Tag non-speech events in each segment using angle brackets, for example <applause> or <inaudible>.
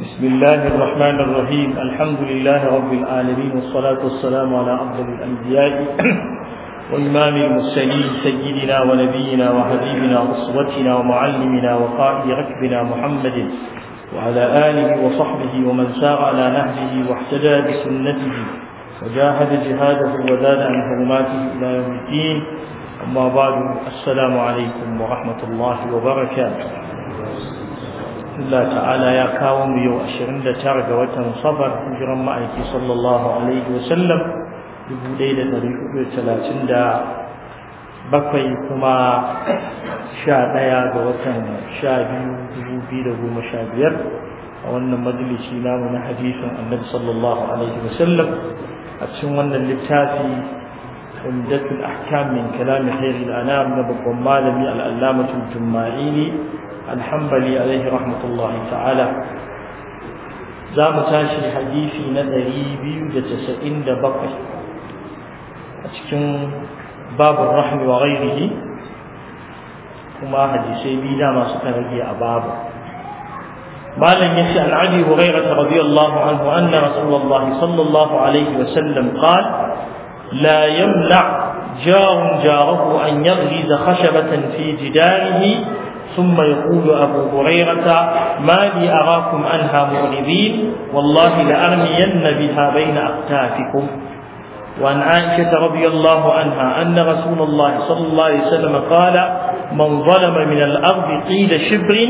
بسم الله الرحمن الرحيم الحمد لله رب العالمين والصلاة والسلام على أفضل الأنبياء <clears throat> وإمام المرسلين سيدنا ونبينا وحبيبنا وأسوتنا ومعلمنا وقائد ركبنا محمد وعلى آله وصحبه ومن سار على نهجه واحتجى بسنته وجاهد جهاده وزاد عن حرماته إلى يوم الدين أما بعد السلام عليكم ورحمة الله وبركاته Allah ta'ala ya kawo mu yau 29 ga watan safar hijiran ma'aiki sallallahu alaihi wa sallam 1437 kuma 11 ga watan 12 2015 a wannan majalisi namu na hadisin annabi sallallahu alaihi wa sallam a cikin wannan littafi عمدة الأحكام من كلام خير الأنام نبقى مالمي الألامة الجماعيني alhambali alaihi rahmatullahi ta'ala za mu tashi hadisi na 297 a cikin babin rahmi wa ghairihi kuma hadisai biyu da masu karage a babu malam ya ce al'adi hurairah ta radiyallahu anhu anna rasulullah sallallahu alaihi wa sallam qal لا يمنع جار جاره أن يغلز خشبة في جداره ثم يقول أبو هريرة ما لي أراكم عنها معرضين والله لأرمين بها بين أقتافكم وعن عائشة رضي الله عنها أن رسول الله صلى الله عليه وسلم قال من ظلم من الأرض قيل شبر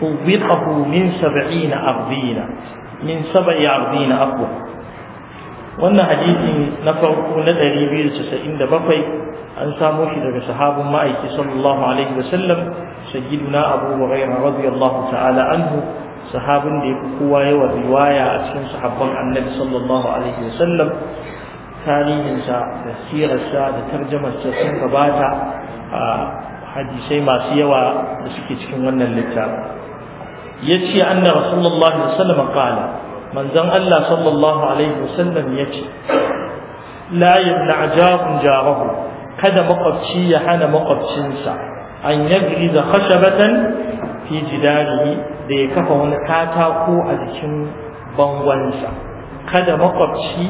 فوبقه من سبعين أرضين من سبع أرضين أقوى wannan hadisin na farko na 297 an samu shi daga sahabin ma'aiki sallallahu alaihi wa wasallam sayyiduna abu hurairah radiyallahu ta'ala anhu sahabin da yafi kowa yawa riwaya a cikin sahabban annabi sallallahu alaihi wa sallam. wasallam sa da sirarsa da tarjamarsa sun gabata a hadisai masu yawa da suke cikin wannan littafin yace anna rasulullahi sallallahu alaihi wasallam qala manzon Allah sallallahu alaihi wasallam ya la yabna ajabun jarahu kada makwabci ya hana makwabcinsa an yagri da khashabatan fi jidarihi da ya kafa wani katako a cikin bangonsa kada makwabci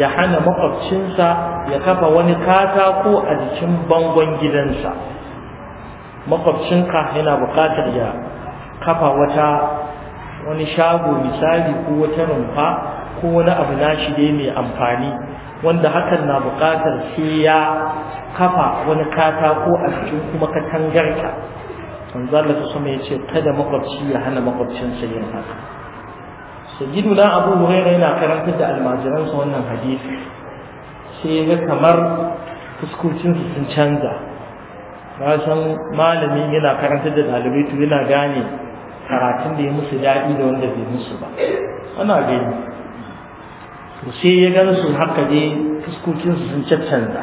ya hana makwabcinsa ya kafa wani katako a jikin bangon gidansa makwabcinka yana buƙatar ya kafa wata wani shago misali ko wata rumfa ko wani abu nashi dai mai amfani wanda hakan na buƙatar sai ya kafa wani katako a cikin kuma ka tangarta manzo Allah sama ya ce kada makwabci ya hana makwabcin yin haka na abu hurairah yana karanta da almajiransa wannan hadisi sai ga kamar su sun canza na san malami yana karanta da ɗalibai to yana gane karatun da ya musu daɗi da wanda bai musu ba ana gani to sai ya gan su haka dai fuskokinsu sun caccanza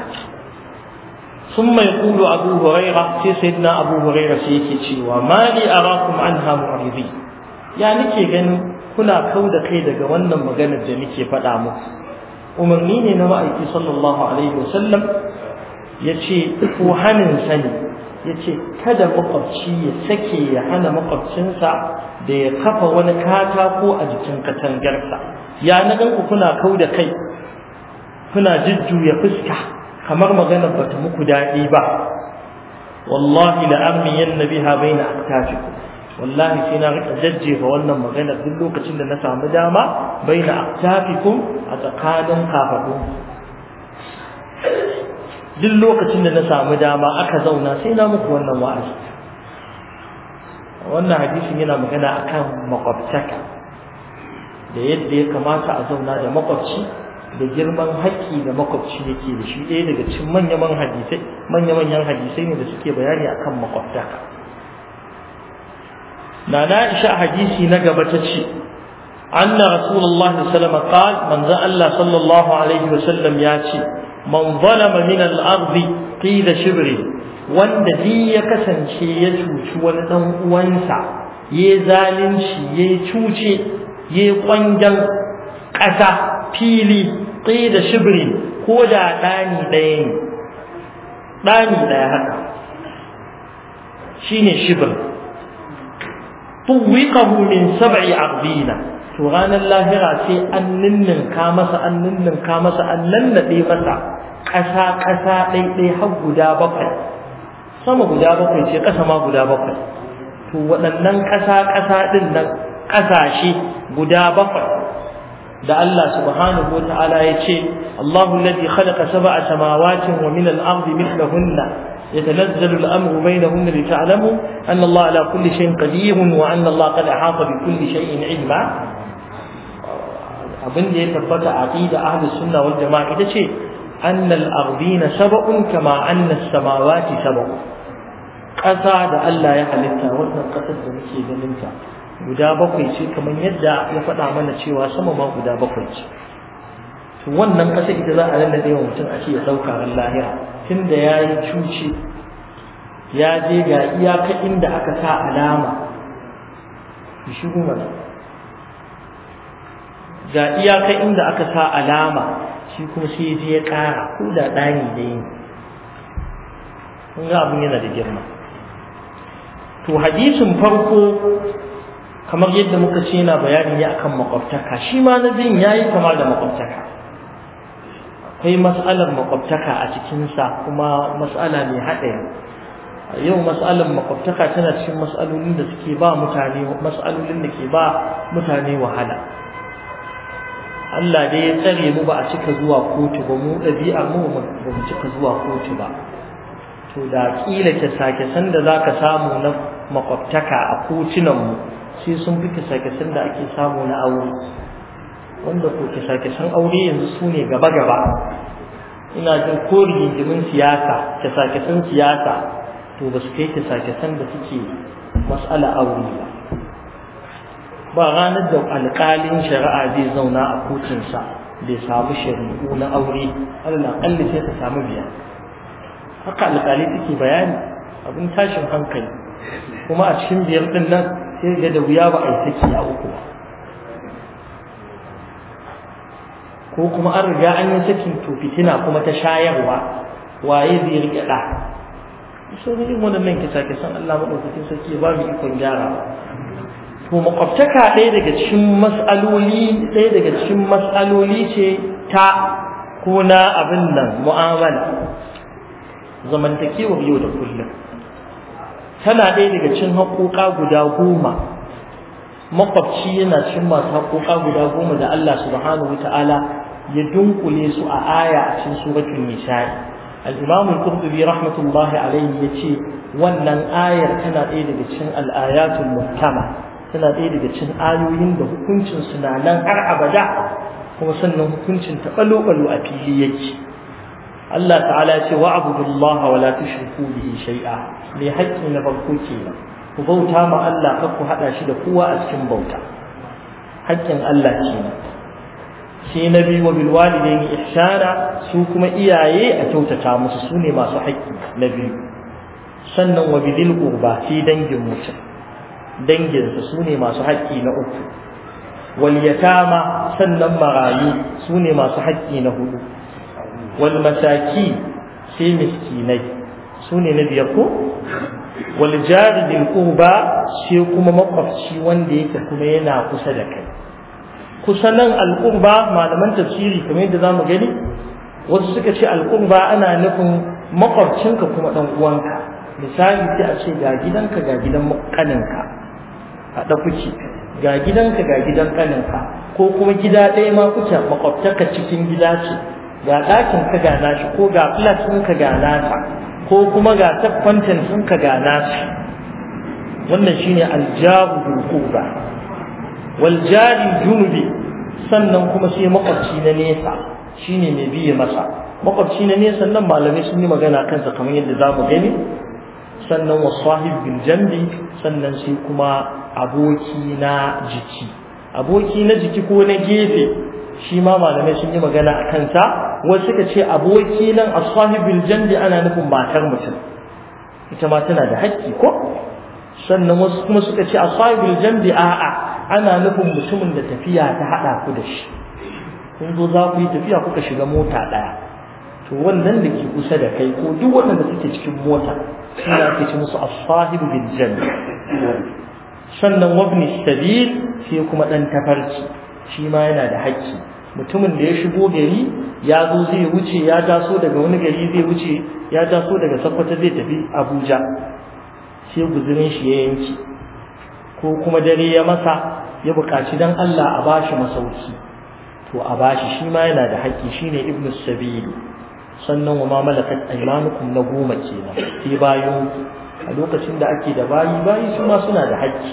sun mai kulu abu huraira sai na abu huraira sai yake cewa ma li arakum anha mu'ridi ya nake ganin kuna kau da kai daga wannan maganar da nake faɗa muku umarni ne na ma'aiki sallallahu alaihi wasallam ya ce ko hanin sani ya ce kada makwabci ya sake ya hana makwabcinsa da ya kafa wani katako a jikin katangarsa ya na ganku kuna kau da kai kuna jujjuya fuska kamar magana ba ta muku daɗi ba wallahi la ammi yanna biha baina aktafiku. wallahi sai na rika jajjefa wannan magana duk lokacin da na samu dama baina aktafikum a tsakanin kafadun duk lokacin da na samu dama aka zauna sai na muku wannan wa'azi wannan hadisin yana magana akan makwabtaka da yadda ya kamata a zauna da makwabci da girman haƙƙi da makwabci yake da shi ɗaya daga cikin manya-manyan hadisai manyan hadisai ne da suke bayani akan makwabtaka na na isha hadisi na gaba ta ce anna rasulullahi sallallahu alaihi wasallam qala Allah sallallahu alaihi wasallam ya ce man zalama min al-ardi qila shibri wanda ji ya kasance ya cuci wani dan uwansa ya zalunci ya cuce ya kwangan ƙasa fili qila shibri ko da ɗani ɗaya ne ɗani ɗaya haka shine shibr tuwiqahu min sab'i ardina to ranar lahira sai an ka masa an ka masa an nannaɗe masa ƙasa ƙasa daidai har guda bakwai sama guda bakwai ce ƙasa ma guda bakwai to waɗannan ƙasa ƙasa ɗin nan ƙasashe guda bakwai da Allah subhanahu wa ta'ala ya ce Allahu alladhi khalaqa sab'a samawatin wa min al-ardi mithlahunna يتنزل الأمر بينهن لتعلموا أن الله على كل شيء قدير وأن الله قد أحاط بكل شيء علما abin da ya tabbata a da ahlus sunna wal jama'a ita ce annal ardina saba'un kama anna samawati sab'un ƙasa da Allah ya halitta wannan ƙasar da muke ganin ta guda bakwai ce kamar yadda ya faɗa mana cewa sama ma guda bakwai ce to wannan ƙasa ita za a lallaɗe wa mutum ake ce ya ɗauka ran lahira tun da ya yi cuci ya je ga iyaka inda aka sa alama shi kuma ga iyaka inda aka sa alama shi kuma sai je ya ƙara ko da ɗani da yi ga abin yana da girma to hadisin farko kamar yadda muka ce yana bayani ne akan makwabtaka shi ma na jin yayi kama da makwabtaka akwai mas'alar makwabtaka a cikinsa kuma mas'ala mai haɗari yau mas'alar makwabtaka tana cikin mas'alolin da suke ba mutane mas'alolin da ke ba mutane wahala Allah dai ya tsare mu ba a cika zuwa kotu ba mu ɗabi'ar mu ba mu cika zuwa kotu ba to da kila ta sake san da zaka samu na makwabtaka a kotunan mu sai sun fi sake san da ake samu na aure wanda ko ke sake san aure yanzu sune gaba gaba ina jin ko rigimin siyasa ta sake san siyasa to ba su kai ta sake san da suke mas'ala aure ba ba ranar da alƙalin shari'a zai zauna a kotunsa bai samu shari'u na aure allah kalli sai ta samu biya haka alƙali take bayani abin tashin hankali kuma a cikin biyar ɗin nan sai ga da wuya ba a yi saki a uku ba ko kuma an riga an yi sakin to fitina kuma ta shayarwa waye zai riƙe ɗa sun yi wannan kisa kisan allah maɗaukakin sarki ba mu ikon gyarawa to makwabtaka ɗaya daga cikin mas'aloli ɗaya daga cikin mas'aloli ce ta kuna abin nan mu'amala zamantakewar yau da kullum tana ɗaya daga cikin haƙoƙa guda goma makwabci yana cikin masu haƙoƙa guda goma da Allah subhanahu ta'ala ya dunkule su a aya a cikin suratul nisa'i al-imam al-qurtubi rahmatullahi alayhi yace wannan ayar tana ɗaya daga cikin al-ayatul tana ɗaya daga cin ayoyin da hukuncin suna nan har abada kuma sannan hukuncin ta ɓalo-ɓalo a fili yake Allah ta'ala ce wa abudullaha wa la tushriku bihi shay'a mai haƙƙi na farko kenan ku bauta ma Allah kar ku haɗa shi da kowa a cikin bauta haƙƙin Allah ke. sai na biyu wa bil walidayni ihsana su kuma iyaye a kyautata musu su ne masu haƙƙi na biyu sannan wa bidil qurba sai dangin mutum danginsa su ne masu haƙƙi na uku wal yatama sannan marayu su ne masu haƙƙi na hudu wal masaki sai miskinai su ne na biyar ko wal jari sai kuma makwabci wanda yake kuma yana kusa da kai kusa nan al malaman tafsiri kamar yadda zamu gani wasu suka ce al ana nufin makwabcinka kuma ɗan uwanka misali sai a ce ga gidanka ga gidan kaninka haɗa kuki, ga gidanka ga gidan kaninka ko kuma gida ɗaya ma kuke makwabtaka cikin gida ce ga ɗakin ka ga nashi ko ga flat ka ga nasa ko kuma ga subcontent ka ga nashi wannan shine aljahu hukuba wal jari junubi sannan kuma sai makwabci na nesa shine mai biye masa makwabci na nesa nan malamai sun yi magana kansa kamar yadda za mu gani sannan wa sahib bil jambi sannan sai kuma aboki na jiki aboki na jiki ko na gefe shi ma malamai sun yi magana a kansa wasu suka ce aboki nan a bil jambi ana nufin matar mutum ita ma tana da hakki ko sannan wasu kuma suka ce a bil jambi a'a ana nufin mutumin da tafiya ta haɗa ku da shi kun zo za ku yi tafiya kuka shiga mota ɗaya to wannan da ke kusa da kai ko duk wannan da suke cikin mota suna ne ake musu as-sahibu bil sannan wabni sabil sai kuma dan tafarci shi ma yana da haƙƙi mutumin da ya shigo gari ya zo zai wuce ya taso daga wani gari zai wuce ya taso daga sakwata zai tafi abuja sai guzurin shi ya yanki ko kuma dare ya masa ya buƙaci don allah a bashi masauki to a bashi shi ma yana da haƙƙi ne ibnu sabilu sannan wa ma malakat aymanukum na goma kenan sai bayan a lokacin da ake da bayi bayi su ma suna da haƙƙi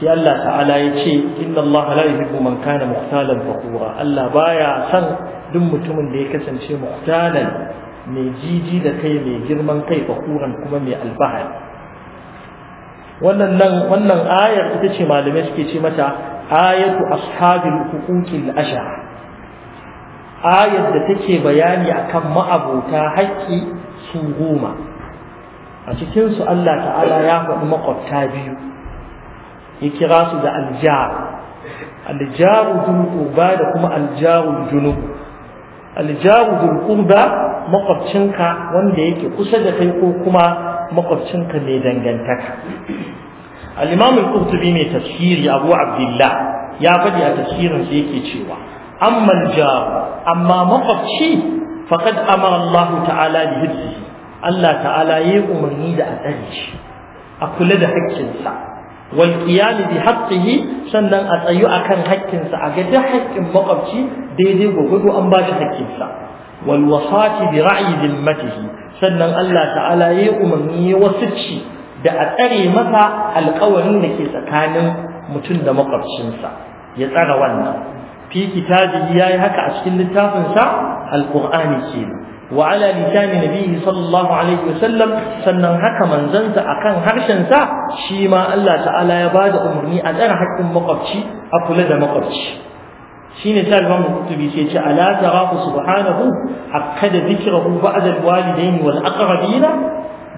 sai Allah ta'ala ya ce inna Allah la yuhibbu man kana muhtalan Bakura. Allah baya san duk mutumin da ya kasance muhtalan mai jiji da kai mai girman kai fakuran kuma mai albahari wannan wannan ayar ita ce malamai suke ce mata ayatu ashabil huquqil ashara ayar da take bayani akan ma'abota haƙƙi su goma a cikinsu Allah ta'ala ya faɗi makwabta biyu ya kira su da aljar aljaru zulƙurba da kuma aljaru junub aljaru zulƙurba makwabcinka wanda yake kusa da kai ko kuma makwabcinka mai dangantaka al-imam al-qurtubi mai tafsiri abu abdullah ya faɗi a tafsirin sa yake cewa Ammal jar amma makwabci faqad amara Allah ta'ala bi hibsihi Allah ta'ala yayi umarni da a tsare a kula da haƙƙinsa wal qiyam bi haqqihi sannan a tsayu akan haƙƙinsa a ga duk haƙƙin makwabci daidai gogodo an ba shi haƙƙinsa wal wasati bi ra'i dimmatihi sannan Allah ta'ala yayi umarni wasuci da a tsare masa alƙawarin da ke tsakanin mutum da makwabcinsa ya tsara wannan fi kitabihi yayi haka a cikin littafin sa alqur'ani kenan wa ala lisani nabihi sallallahu sannan haka manzansa kan harshen sa shi ma Allah ta'ala ya bada umarni a tsara haƙƙin makwabci a kula da makwabci shine sai Imam Qurtubi sai ce ala tarahu subhanahu akkada dhikrahu ba'da alwalidain wal aqrabina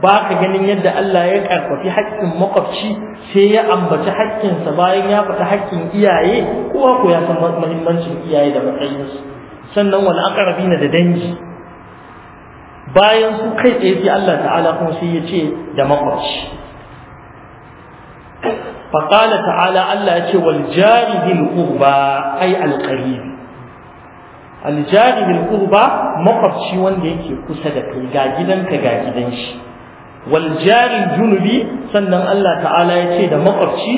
ba ka ganin yadda Allah ya karfafi haƙƙin makwabci sai ya ambaci haƙƙinsa bayan ya fita haƙƙin iyaye kowa ko ya san mahimmancin iyaye da matsayinsu sannan wani akarabi na da dangi bayan su kai tsaye sai Allah ta'ala kuma sai ya ce da makwabci faƙala ta'ala Allah ya ce wal jari bil qurba ai al al jari bil qurba makwabci wanda yake kusa da kai ga gidanka ga gidan shi wal jari junubi sannan Allah ta'ala ya ce da makwabci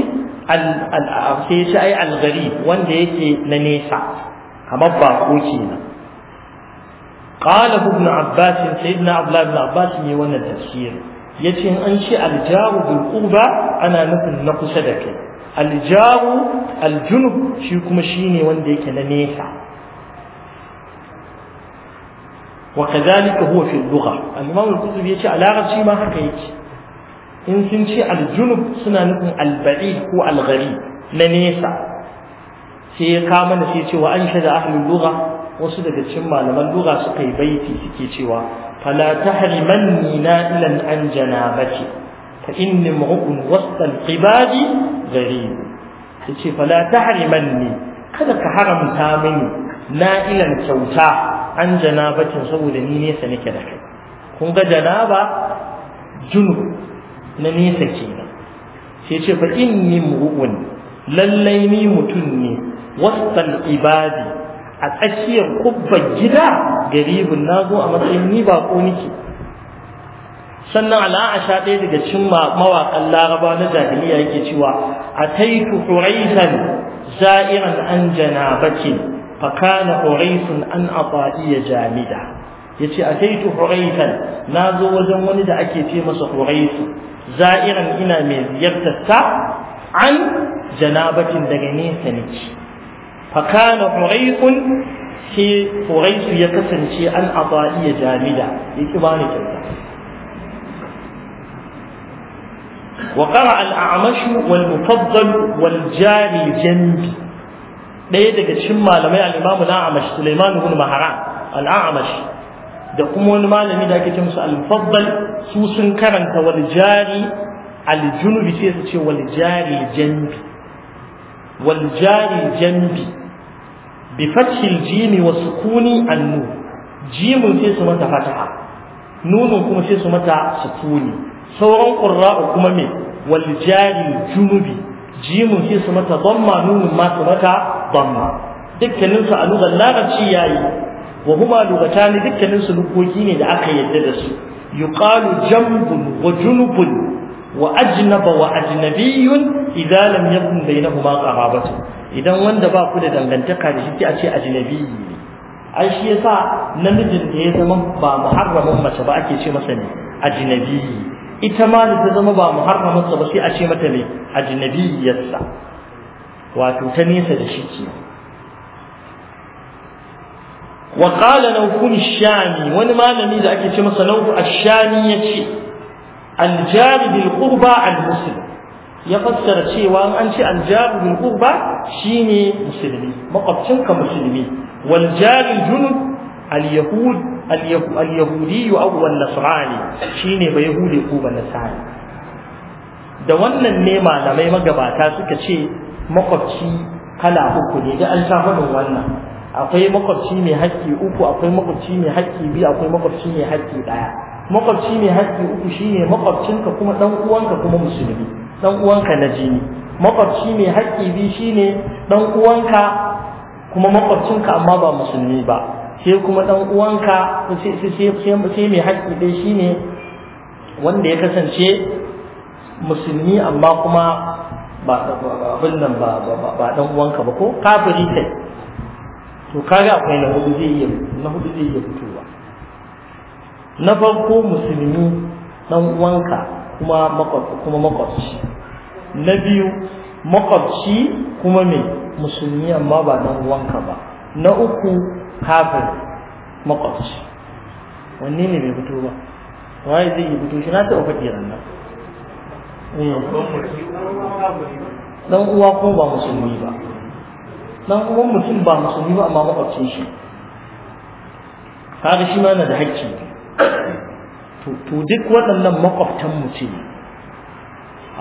sai ya ce ai algari wanda yake na nesa kamar bako kenan qala ibn abbas sayyidina abdullah ibn abbas ne wannan tafsir yace in an ci aljaru bil ana nufin na kusa da kai aljaru aljunub shi kuma shi ne wanda yake na nesa وكذلك هو في اللغة الإمام القرطبي يقول على غرشي ما هكا يجي إن سنشي الجنب سنة نكون البعيد هو الغريب ننسى sai ka mana sai cewa an shaida ahlul lugha wasu daga cikin malaman lugha suka yi baiti suke cewa fala tahrimanni na'ilan an janabati fa inni mu'un wasal qibadi gharib yace fala tahrimanni kada ka haramta mini na'ilan kyauta an janabatin saboda ni nesa nake da kai kun ga janaba junu na nesa kenan sai ce fa inni mu'un lallai ni mutum ne wasal ibadi a tsakiyar kubban gida garibin nazo a matsayin ni ba ko nike sannan sha ɗaya daga cikin mawaƙan laraba na jahiliya yake cewa ataitu huraisan za'iran an janabatin فكان حريث أن أطائي جامدة يتي أتيت حريثا نازو وزموني دا أكي في مصر حريث زائرا إنا من يرتسع عن جنابة دغني سنك فكان حريث في حريث يكسنشي أن أطائي جامدة يكباني جامدة وقرأ الأعمش والمفضل والجاري جنبي ɗaya daga cikin malamai al-imamu al Suleiman Sulaiman ibn Maharan al-a'mash da kuma wani malami da ake ce musu al su sun karanta wal jari al sai su ce wal jari janbi wal jari janbi bi fathi al-jim wa sukuni an jimin sai su mata fataha nunun kuma sai su mata sukuni sauran qurra'u kuma me wal jari junubi jimun fi su mata dhamma nunun ma su mata dhamma dukkanin su a lugar larabci yayi wa huma lugatani dukkanin su ne da aka yadda da su yuqalu jambun wa junubun wa ajnaba wa ajnabiyyun idza lam yakun bainahuma qarabatu idan wanda ba ku da dangantaka da shi a ce ajnabiyyi ne ai shi yasa namijin da ya zama ba muharramin mace ba ake ce masa ne ajnabiyyi ita ma da ta zama ba muharramarsa ba sai a ce mata mai ajnabiyarsa wato ta nesa da shi ke wa qala nawfun shami wani malami da ake ce masa nawfu ash yace al-jari al-muslim ya fassara cewa an ce al-jari shine musulmi makwabcinka musulmi wal jari junub al اليهودي al-yahudi aw an-nasrani shine ba yahudi ko ba da wannan ne malamai magabata suka ce makwabci kala uku ne da an sha wannan akwai makwabci mai haƙƙi uku akwai makwabci mai haƙƙi biyu akwai makwabci mai haƙƙi ɗaya makwabci mai haƙƙi uku shine makwabcinka kuma ɗan uwanka kuma musulmi ɗan uwanka na jini makwabci mai haƙƙi biyu shine ɗan uwanka kuma makwabcinka amma ba musulmi ba sai kuma dan uwanka sai sai mai haƙƙi dai shine wanda ya kasance musulmi amma kuma ba abin nan ba ba dan uwanka ba ko kafiri kai to kaga akwai na hudu zai yi na hudu zai yi fitowa na farko musulmi dan uwanka kuma makwabci kuma makwabci na biyu makwabci kuma mai musulmi amma ba dan uwanka ba na uku kafin makwabci wanne ne bai fito ba waye zai yi fito shi na taɓa faɗi ranar Ɗan uwa ko ba musulmi ba ɗan uwan mutum ba musulmi ba amma makwabcin shi kaga shi ma yana da hakki to duk waɗannan makwabtan mutum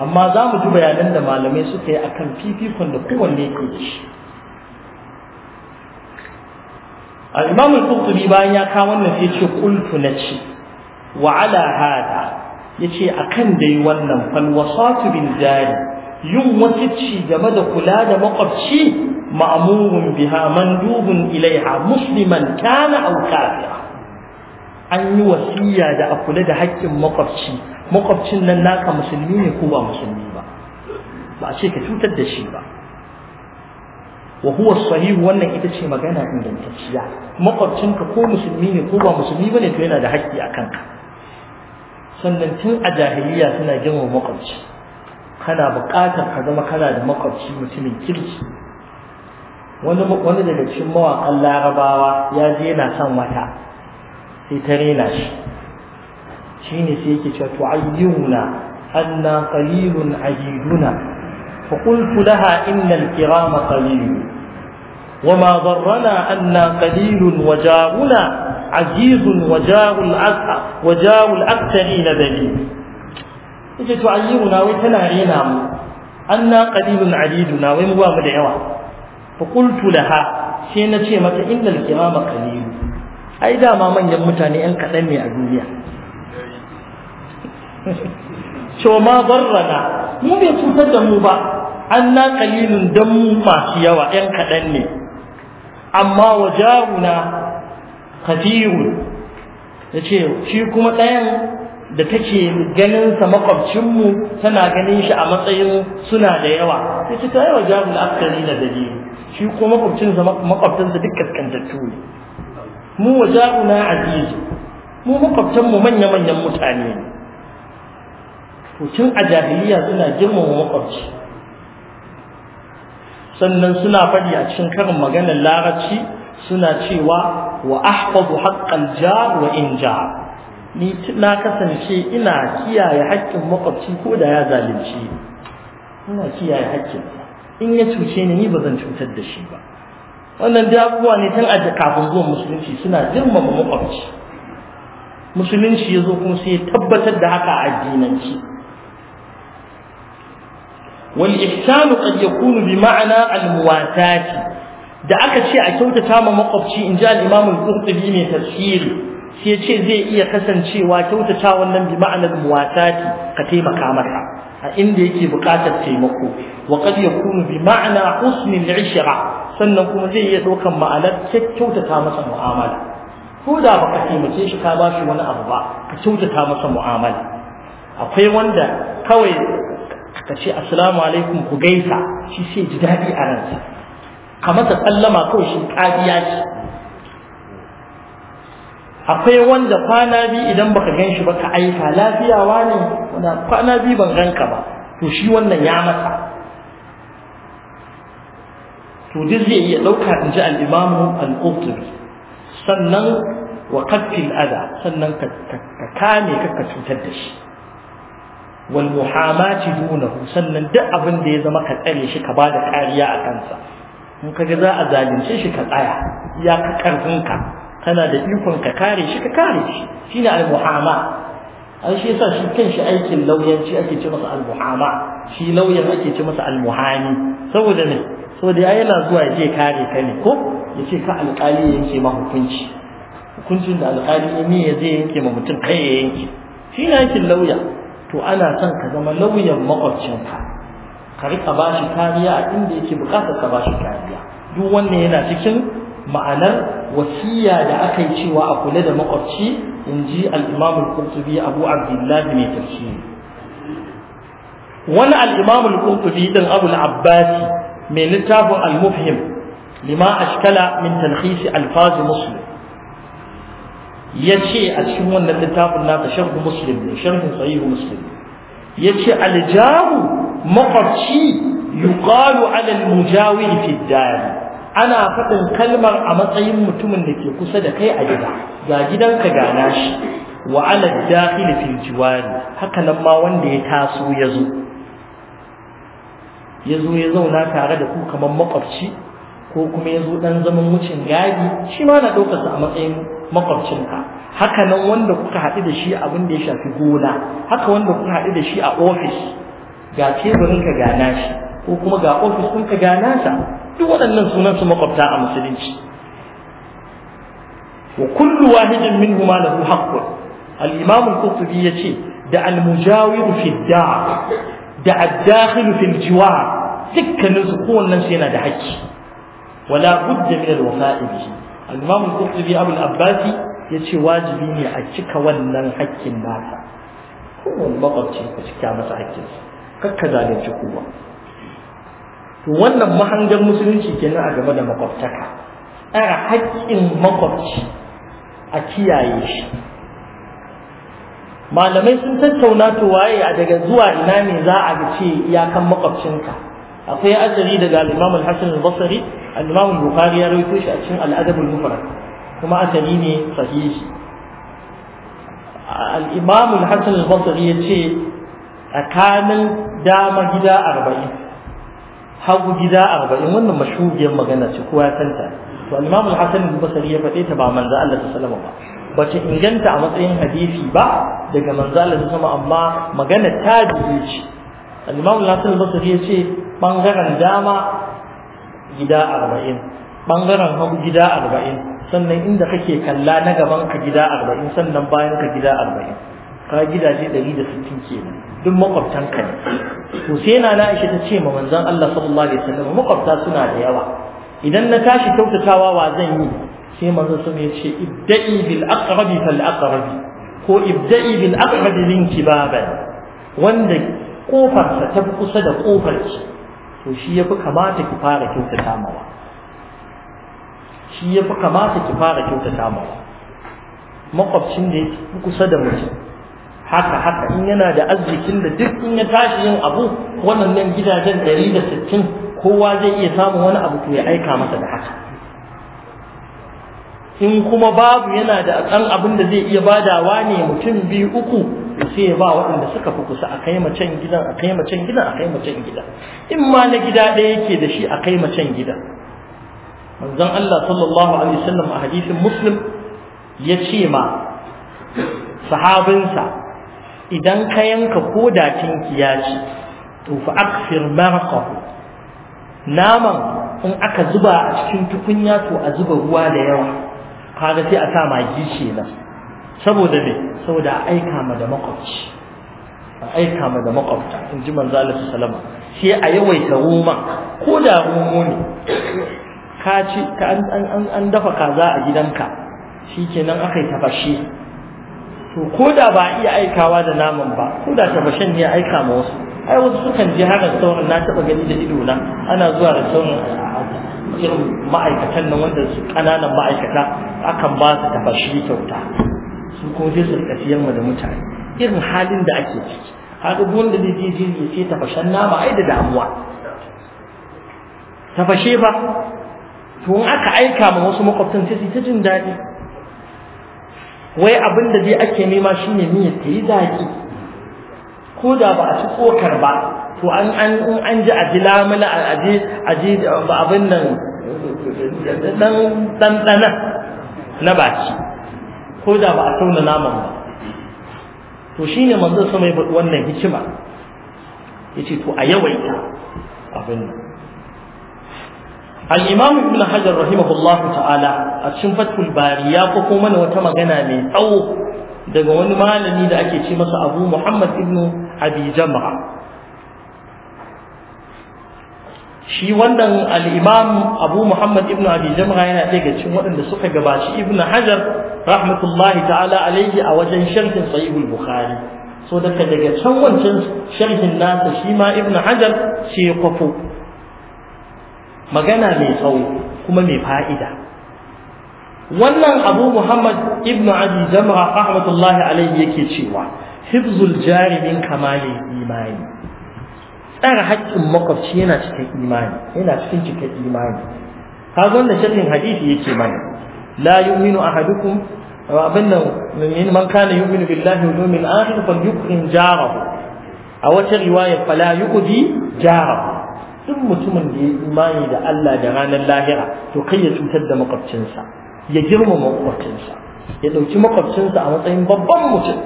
amma za mu ji bayanan da malamai suka yi akan fifikon da kowanne ke da shi A imam al bayan ya kawo wannan sai ce qultu ce. wa ala hada yace akan dai wannan fal wasatu bil jari yin wasicci game da kula da makwabci ma'murun biha mandubun ilaiha musliman kana aw kafira an yi wasiya da a kula da haƙƙin makwabci makwabcin nan naka musulmi ne ko ba musulmi ba ba a ce ka cutar da shi ba wa huwa wannan ita ce magana ingantacciya makwabcinka ko musulmi ne ko ba musulmi bane to yana da haƙƙi a kanka sannan tun a jahiliya suna girma makwabci kana buƙatar ka zama kana da makwabci mutumin kirki wani wani daga cikin mawaƙan larabawa ya je yana son wata sai ta rena shi shine sai yake cewa tu'ayyuna anna qalilun ajiduna فقلت لها إن الكرام قليل وما ضرنا أنا قليل وجاؤنا عزيز وجاؤ الأسعى وجاؤ الأكثرين ذليل إذا تعيرنا وتنارينا أنا قليل عديدنا ومبام العوى فقلت لها سينتي متى إن الكرام قليل ai dama manyan mutane ‘yan kaɗan ne a duniya. Cewa ma barrana, mu bai cutar da mu ba, an na mu masu yawa ‘yan kaɗan ne. amma wajaruna jaruna khatirun ya ce shi kuma ɗayan da take ganin sa mu tana ganin shi a matsayin suna da yawa ya ce ta yawa jaruna akari na dalili shi kuma makwabcinsa makwabcinsa duk kaskantattu ne mu wa jaruna azizu mu makwabtanmu manya-manyan mutane ne to cin a jahiliya suna girmama makwabci sannan suna faɗi a cikin karin maganar larabci suna cewa wa ahfazu haqqal jar wa in jar ni na kasance ina kiyaye haƙƙin makwabci ko da ya zalunci ina kiyaye haƙƙin in ya cuce ni ni ba zan cutar da shi ba wannan da abubuwa ne tun a kafin zuwan musulunci suna girmama makwabci musulunci ya zo kuma sai ya tabbatar da haka a addinanci والإحسان قد يكون بمعنى المواساة da aka ce a kyautata ma makwabci in ji al'imamu al-qurtubi mai tafsiri sai ya ce zai iya kasancewa kyautata wannan bi ma'anar muwasati ka taimaka masa a inda yake buƙatar taimako wa qad yakunu bi ma'ana husnil ishra sannan kuma zai iya ɗaukan ma'anar kyautata masa mu'amala ko da baka taimake shi ka ba shi wani abu ba ka kyautata masa mu'amala akwai wanda kawai ka ce assalamu alaikum ku gaisa shi sai ji daɗi a ransa ka masa sallama kawai shi ƙariya ce akwai wanda kwana biyu idan baka gan shi ba ka aika kwana biyu ban ganka ba to shi wannan ya masa to duk zai iya ɗauka in ji al'imamu al'urtubi sannan wa kaffin ada sannan ka kame ka cutar da shi wal muhamati dunahu sannan duk abin da ya zama ka tsare shi ka bada kariya a kansa in kaga za a zalunce shi ka tsaya ya ka karfin ka kana da ikon ka kare shi ka kare shi shine al muhama an shi yasa shi kanshi aikin lauyanci ake ce masa almuhama, shi lauyan ake ce masa al saboda ne saboda ya yana zuwa ya ce kare ka ne ko ya ce ka alƙali yanke ma hukunci hukuncin da alƙali ne ya zai yanke ma mutum kai ya yanke shi ne aikin lauya to ana son ka zama lauyan makwabcinka ka rika ba shi kariya a inda yake bukatar ka ba shi kariya duk wannan yana cikin ma'anar wasiya da aka yi cewa a kula da makwabci in ji al al-qurtubi abu abdullahi mai tafsiri wani al-imam al-qurtubi din abu al-abbasi mai littafin al-mufhim lima ashkala min talkhisi al-fazi muslim ya ce a cikin wannan littafin nasa sharhu muslim ne sharhu sahihu muslim ya ce aljaru makwabci yuqalu ala almujawir fi dar ana faɗin kalmar a matsayin mutumin da ke kusa da kai a gida ga gidanka ga nashi wa ala dakhil fi jiwari haka nan ma wanda ya taso ya zo ya zo ya zauna tare da ku kamar makwabci ko kuma ya zo dan zaman wucin gadi shi ma na ɗaukarsa a matsayin makwabcinka haka nan wanda kuka haɗu da shi abin da ya shafi gona haka wanda kuka haɗu da shi a ofis ga teburinka ga nashi ko kuma ga ofis ɗinka ga nasa duk waɗannan sunan su makwabta a musulunci wa kullu wahidin minhuma lahu haqqun al-imam al-qurtubi yace da al-mujawir fi da' da ad-dakhil fi al-jiwar dukkanin su kowannen su yana da haƙƙi wala budda min al-wafa'i bihi al-imam al-qurtubi abu al-abbasi yace wajibi ne a cika wannan hakkin nasa wani makwabci ka cika masa hakkinsa kakka zalunci kowa to wannan mahangar musulunci kenan a game da makwabtaka tsara haƙƙin makwabci a kiyaye shi malamai sun tattauna to waye a daga zuwa ina ne za a ga ce iyakan makwabcinka akwai asali daga al-Imam al-Hasan al-Basri al-Imam al-Bukhari ya rawaito shi a cikin al-Adab al-Mufrad kuma asali ne sahihi al-Imam al-Hasan al-Basri yace tsakanin dama gida 40 hagu gida 40 wannan mashhuriyar magana ce kowa ya santa to al-Imam al-Hasan al-Basri ya faɗe ta ba manzo Allah sallallahu alaihi wasallam ba Bace inganta a matsayin hadisi ba daga manzo Allah sama amma magana ta ce al-imam al-hasan basri ya ce bangaren dama gida arba'in bangaren hagu gida arba'in sannan inda kake kalla na gaban ka gida arba'in sannan bayan ka gida arba'in ka gidaje ɗari da sittin kenan duk makwabtan ka ne to sai na na ishe ta ce ma manzon Allah sallallahu alaihi wasallam makwabta suna da yawa idan na tashi kyautatawa wa zan yi sai manzon sun ya ce ibda'i bil aqrabi fal aqrabi ko ibda'i bil aqrabi linki baban wanda kofarsa ta kusa da kofar ki to shi yafi kamata ki fara kyautata tamawa shi yafi kamata ki fara kyautata mawa makwabcin da yake kusa da mutum haka haka in yana da arzikin da duk in ya tashi yin abu nan gidajen 160 kowa zai iya samun wani abu to ya aika masa da haka in kuma babu yana da ɗan abin da zai iya badawa ne mutum biyu uku sai ya ba waɗanda suka fi kusa a kai macen gidan a kai macen gidan a kai macen gidan in ma na gida ɗaya yake da shi a kai macen gidan manzon Allah sallallahu alaihi wasallam a hadisin muslim ya ce ma sahabinsa idan ka yanka ko da ya ci, to fa akfir marqahu naman in aka zuba a cikin tukunya to a zuba ruwa da yawa kaga sai a sa magi kenan saboda ne saboda a aika ma da makwabci a aika ma da makwabta in ji manzo Allah sallama sai a yawaita ruma ko da rumo ne ka ci ka an an an dafa kaza a gidanka shikenan akai yi tafashi to ko da ba iya aikawa da naman ba ko da tafashin ne aika ma wasu ai wasu sukan je har sauran na taba gani da ido na ana zuwa da sauran irin ma'aikatan nan wanda su kananan ma'aikata akan ba su tafashi kyauta su kuma sai su rika da mutane irin halin da ake ciki haka duk da zai je ya ce tafashen nama ai da damuwa tafashe ba to in aka aika ma wasu makwabtan sai su ta jin daɗi wai abin da dai ake nema shine miya ta yi zaki ko da ba a ci tsokar ba to an an ji a ji lamuna a ji a abin nan dan dan na baki ko da ba a tauna naman ba to shine manzan sama ya wannan hikima Ya ce to a yawaita abin al ibn hajar rahimahullah ta'ala a cikin fathul bari ya kuma mana wata magana mai tsawo daga wani malami da ake ce masa abu muhammad ibn abi jama'a shi wannan al'imam abu muhammad ibn abi jama'a yana daga waɗanda suka gabaci ibn hajar rahmatullahi ta'ala Alayhi a wajen sharhin sahihul bukhari so daga daga can wancan sharhin nasa shi ma ibnu hajar shi magana mai tsawo kuma mai fa'ida wannan abu muhammad ibnu abi jamra rahmatullahi alayhi yake cewa hifzul jari min imani tsara haƙƙin makwabci yana cikin imani yana cikin cikin imani kaga wannan sharhin hadisi yake mana la yu'minu ahadukum abin nan man kana yu'minu billahi wal yawmil akhir a wata riwaya fala yu'di jarahu duk mutumin da ya imani da Allah da ranar lahira to kai ya cutar da makwabcinsa ya girmama makwabcinsa ya dauki makwabcinsa a matsayin babban mutum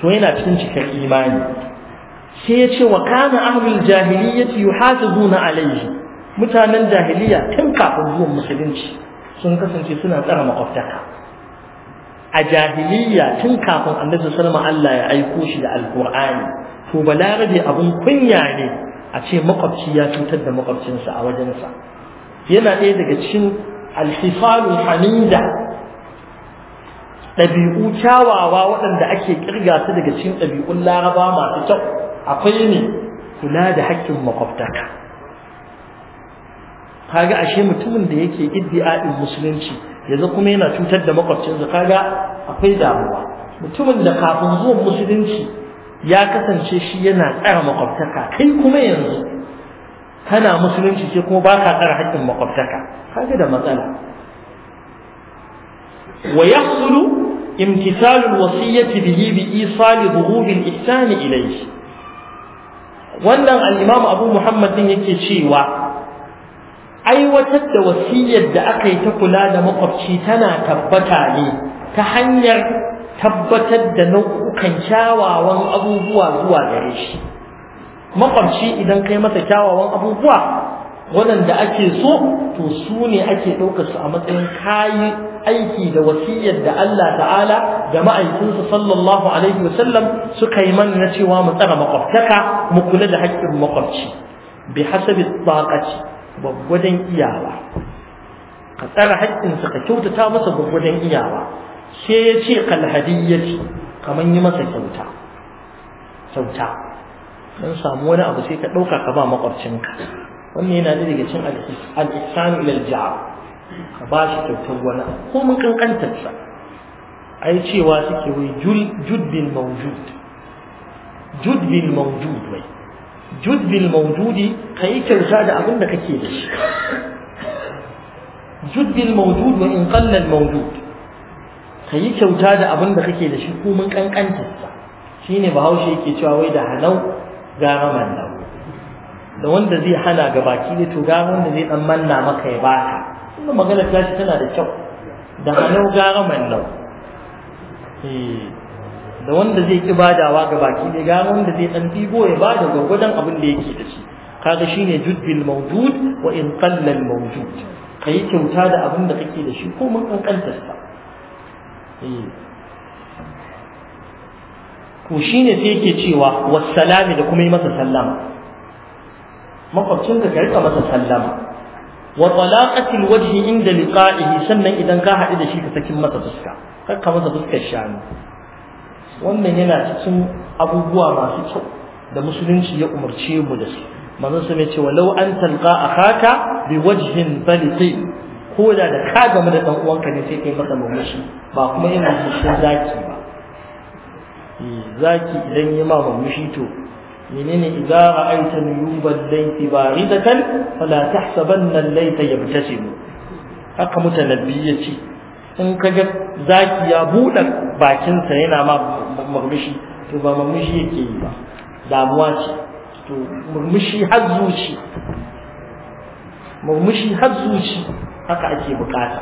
to yana cikin cikar imani sai ya ce wa kana ahlul jahiliyyati yuhasibuna alayhi mutanen jahiliya tun kafin zuwan musulunci sun kasance suna tsara makwabtaka a jahiliya tun kafin annabi sallama Allah ya aiko shi da alqur'ani to balarabe abun kunya ne a ce makwabci ya cutar da makwabcinsa a wajensa yana ɗaya daga cikin alhifalul hamida ɗabi'u kyawawa waɗanda ake kirga su daga cikin ɗabi'un laraba masu kyau akwai ne kula da haƙƙin makwabtaka kaga ashe mutumin da yake iddi'a'in musulunci yanzu kuma yana cutar da makwabcinsa kaga akwai damuwa mutumin da kafin zuwan musulunci ya kasance shi yana tsara makwabtaka kai kuma yanzu kana musulunci ke kuma baka tsara haƙƙin makwabtaka kaga da matsala wa yahsulu imtisalu alwasiyyati bihi bi isali dhuhub alihsan ilayhi wannan al-imam Abu Muhammad din yake cewa aiwatar da wasiyar da aka yi ta kula da makwabci tana tabbata ne ta hanyar tabbatar da nau'ukan kyawawan abubuwa zuwa gare shi makwabci idan kai masa kyawawan abubuwa waɗanda ake so to su ne ake ɗaukar su a matsayin kayi aiki da wasiyar da Allah ta'ala da ma'aikinsa sallallahu alaihi wasallam suka yi mana na cewa mu tsara makwabtaka mu kula da haƙƙin makwabci bi hasabi tsakaci gwaggwadon iyawa ka tsara haƙƙinsa ka kyautata masa gwaggwadon iyawa sai ya ce kalhadiyyati kamar yi masa kyauta kyauta don samu wani abu sai ka ɗauka ka ba makwabcinka wannan yana da daga cin al'isani ilal ja'a ka ba shi kyautar wani ko mun kankantarsa ai cewa suke wai juddin mawjud juddin mawjud wai juz maududi mawjudi kai kyauta da abin da kake da shi juz mawjud wa in qalla al mawjud kai kyauta da abin da kake da shi ko mun kankanta shine bahaushe yake cewa wai da halau gara manna. da wanda zai hana ga baki ne to gara wanda zai dan manna maka ya baka wannan magana ta shi tana da kyau da halau gara manna. eh da wanda zai ki badawa ga baki ne ga wanda zai dan digo ya bada gwagwadon abin da yake da shi kaga shine judbil mawjud wa in qalla al mawjud kai kyauta da abin da kake da shi ko mun kankanta sa ko eh. shine sai yake cewa wassalami da kuma yi masa sallama makwabcin ka ka masa sallama wa talaqatil wajhi inda liqa'ihi sannan idan ka haɗu da shi ka sakin masa fuska kar ka masa fuskar shanu wannan yana cikin abubuwa masu kyau da musulunci ya umarce mu da su manzon sa mai ce walau an talqa akhaka bi wajhin baliti ko da da ka gamu da dan uwanka ne sai kai masa murmushi ba kuma yana mushin zaki ba eh, zaki idan ya ma murmushi to menene idza ra'aita nuyuban layti baridatan fala tahsabanna al-layta yabtasimu haka mutanabbi yace in ka ga zaki ya buɗe bakinsa yana ma murmushi to ba murmushi yake yi ba damuwa ce to murmushi har zuci murmushi har zuci haka ake bukata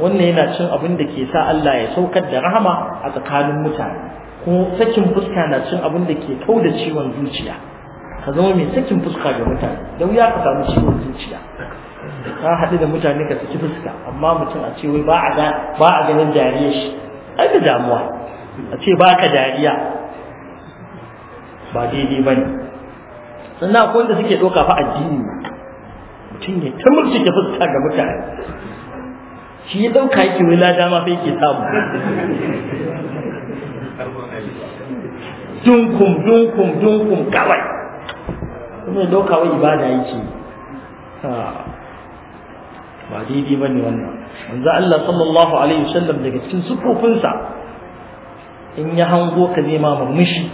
wannan yana cin abin da ke sa Allah ya saukar da rahama a tsakanin mutane kuma sakin fuska na cin abin da ke kau da ciwon zuciya ka zama mai sakin fuska ga mutane da wuya ka samu ciwon zuciya ka haɗu da mutane ka tafi fuska amma mutum a ce wai ba a ganin dariya shi ai da damuwa a ce ba ka dariya ba daidai ba ne sannan akwai wanda suke ɗauka fa addini mutum ne ta mulki ta fuska ga mutane shi ya ɗauka yake wai lada ma fa yake samu dunkum dunkum dunkum kawai kuma ya ɗauka wai ibada yake ba daidai ne wannan Wanzu Allah sallallahu alaihi wasallam daga cikin sufufinsa in ya hango ka nema ma murmushi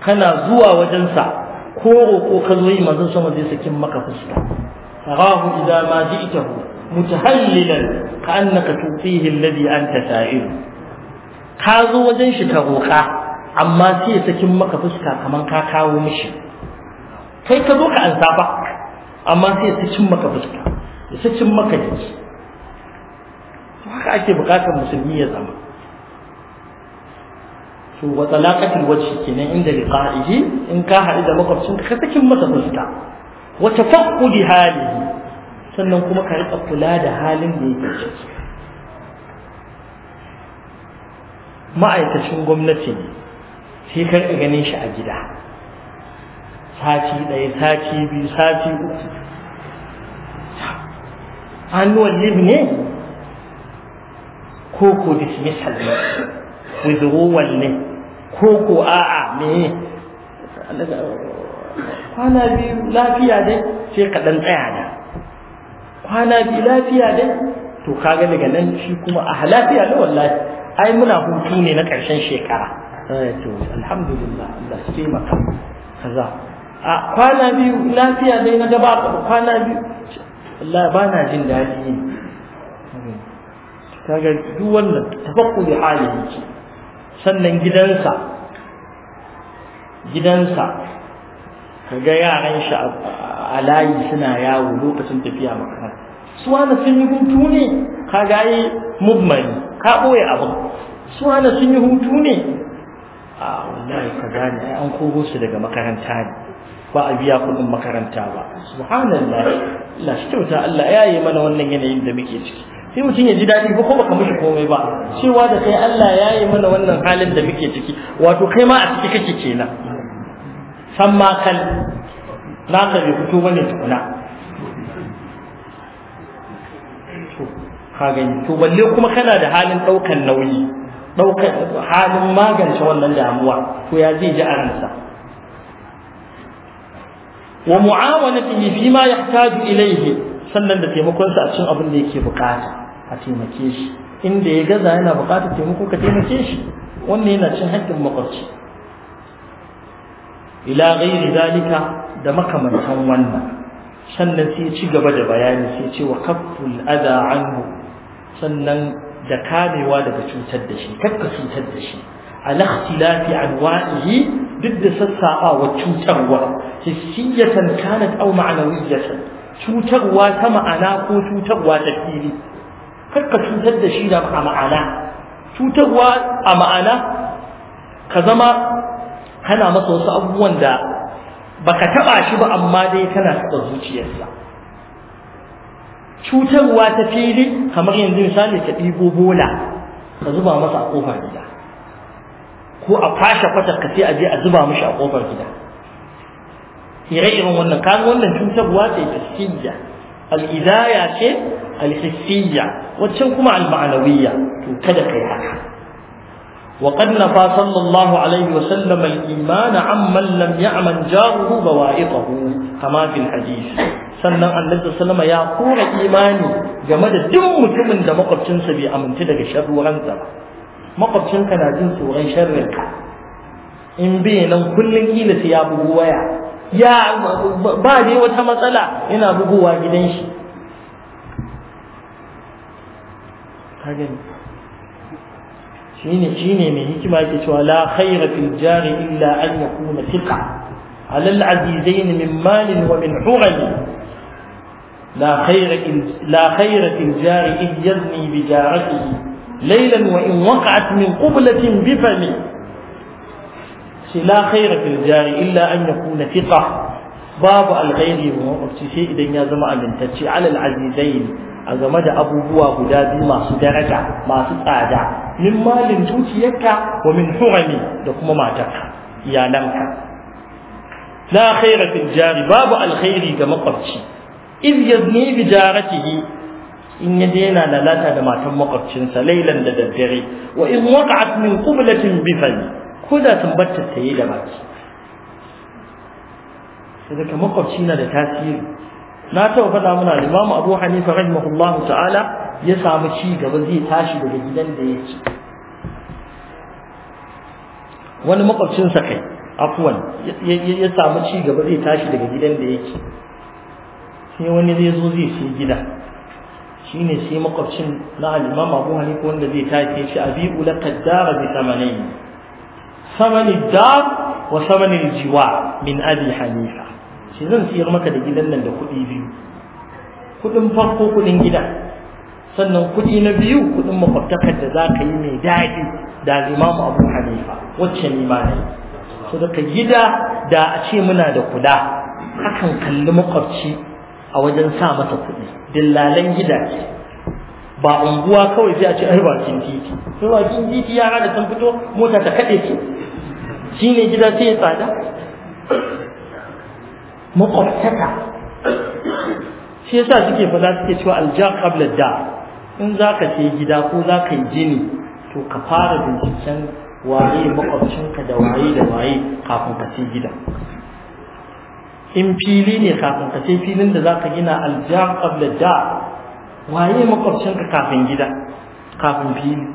kana zuwa wajensa ko roƙo ka zo yi manzo sama zai sakin maka fuska tarahu idza ma ji'tahu mutahallilan ka'annaka tufihi alladhi anta sa'il ka zo wajen shi ka roƙa amma sai sakin maka fuska kaman ka kawo mishi kai ka zo ka ansa ba amma sai su cin maka fuska ya su cin maka jiki haka ake bukatar musulmi ya zama to wa talaqatul wajhi kenan inda liqa'ihi in ka haɗu da makwabcin ka sakin masa fuska wa tafaqqudi halihi sannan kuma ka riƙa kula da halin da yake ciki ma'aikacin gwamnati ne sai ka ganin shi a gida sati ɗaya sati biyu sati uku annual leave ne ko ko dismissal ne withdrawal ne ko ko a'a me kwana biyu lafiya dai sai ka ɗan tsaya da kwana biyu lafiya dai to kaga daga nan shi kuma a ah, lafiya ne wallahi ai muna hutu ne na ƙarshen shekara eh, to alhamdulillah Allah sai maka kaza a kwana biyu lafiya dai na gaba kwana biyu Allah ba na jin daɗi ne kaga duk wannan tafakku da halin ki sannan gidansa gidansa kaga yaran shi a layi suna yawo lokacin tafiya makaranta suwana sun yi hutu ne ga yi mubmani ka ɓoye abu. suwana sun yi hutu ne a wallahi ka gane an koro su daga makaranta ne ba a biya kuɗin makaranta ba subhanallah Allah shi kyauta Allah ya yi mana wannan yanayin da muke ciki sai mutum ya ji daɗi ba ko baka mishi komai ba cewa da kai Allah ya yi mana wannan halin da muke ciki wato kai ma a ciki kake kenan san ma kan ka bai fito bane tukuna ka gani to balle kuma kana da halin ɗaukan nauyi ɗaukan halin magance wannan damuwa to ya zai ji a ransa wa mu'awanatihi fi ma yahtaju ilayhi sannan da taimakon sa a cikin abin da yake bukata a taimake shi inda ya gaza yana bukatar taimako ka taimake shi wannan yana cin haƙƙin makwabci ila ghairi zalika da makamantan wannan sannan sai ci gaba da bayani sai ce wa kaful adha anhu sannan da kamewa daga cutar da shi kakka cutar da shi ala ikhtilafi anwa'ihi duk da sassaɓawa cutarwa hissiyatan kanat aw ma'nawiyatan cutarwa ta ma'ana ko cutarwa ta Kar ka cutar da shi da a cutarwa a ma'ana ka zama kana masa wasu abubuwan da baka taɓa shi ba amma dai tana taɓa zuciyarsa cutarwa ta fili kamar yanzu misali ka ɗibo bola ka zuba masa a ƙofar gida ko a kwashe kwatar ka sai a je a zuba mishi a kofar gida ire-iren wannan kan wannan cutarwa ce fiskiyya al'idaya ce alhissiyya waccan kuma al-ma'anawiyya to kada kai haka وقد نفى صلى الله عليه وسلم الإيمان عمن لم يعمل جاره بوائقه كما في الحديث sannan annabi sallama ya kura imani game da duk mutumin da makwabcinsa bai amince daga sharruwansa ba makwabcinka na jin tsoron sharrinka in bai nan kullum kila sai ya bugu waya ya ba dai wata matsala yana bugowa gidan shi shine shine mai hikima ke cewa la khayra fil jari illa an yakuna thiqa ala al azizain min malin wa min hurali la khayra la khayra fil jari id yazni bi jaratihi ليلا وإن وقعت من قبلة بفمي لا خير في الجار إلا أن يكون ثقة باب الغير ومقبتي شيء إذن يزم أمن على العزيزين أزمد أبو بوا بدادي ما سدرجع ما سدعجع من مال توتيك ومن حرمي دكما ما تك يا نمك لا خير في الجار باب الخير قلت إذ يبني بجارته in ya je yana lalata da matan makwabcinsa lailan da daddare wa in waqa'at min qublatin bifani ko da tambatar ta yi da baki sai ka makwabci na da tasiri na taɓa faɗa muna limamu abu hanifa rahimahullahu ta'ala ya samu ci gaba zai tashi daga gidan da ya yake wani makwabcinsa kai afuwan ya samu ci gaba zai tashi daga gidan da ya yake sai wani zai zo zai sai gida shine sai makwabcin na al Abu Hanifa wanda zai take shi abiu la qaddara bi thamanain Samani dar wa samani jiwa min abi hanifa shi zan siyar maka da gidan nan da kuɗi biyu kuɗin farko kuɗin gida sannan kuɗi na biyu kuɗin makwabtakar da za ka yi mai daɗi da imam Abu Hanifa wacce ni ma ne so daga gida da a ce muna da kula akan kalli makwabci a wajen sa masa kuɗi dillalan gidaje ba unguwa kawai sai a ce ai bakin titi sai bakin titi yara da sun fito mota ta kaɗe su shine gida sai ya tsada makwabtaka shi yasa suke su suke cewa alja qabla da in zaka ce gida ko zaka yi gini to ka fara binciken waye makwabcinka da waye da waye kafin ka ce gida in fili ne kafin ka ce, filin da za ka gina aljar qabla da waye makwabcin ka kafin gida kafin fili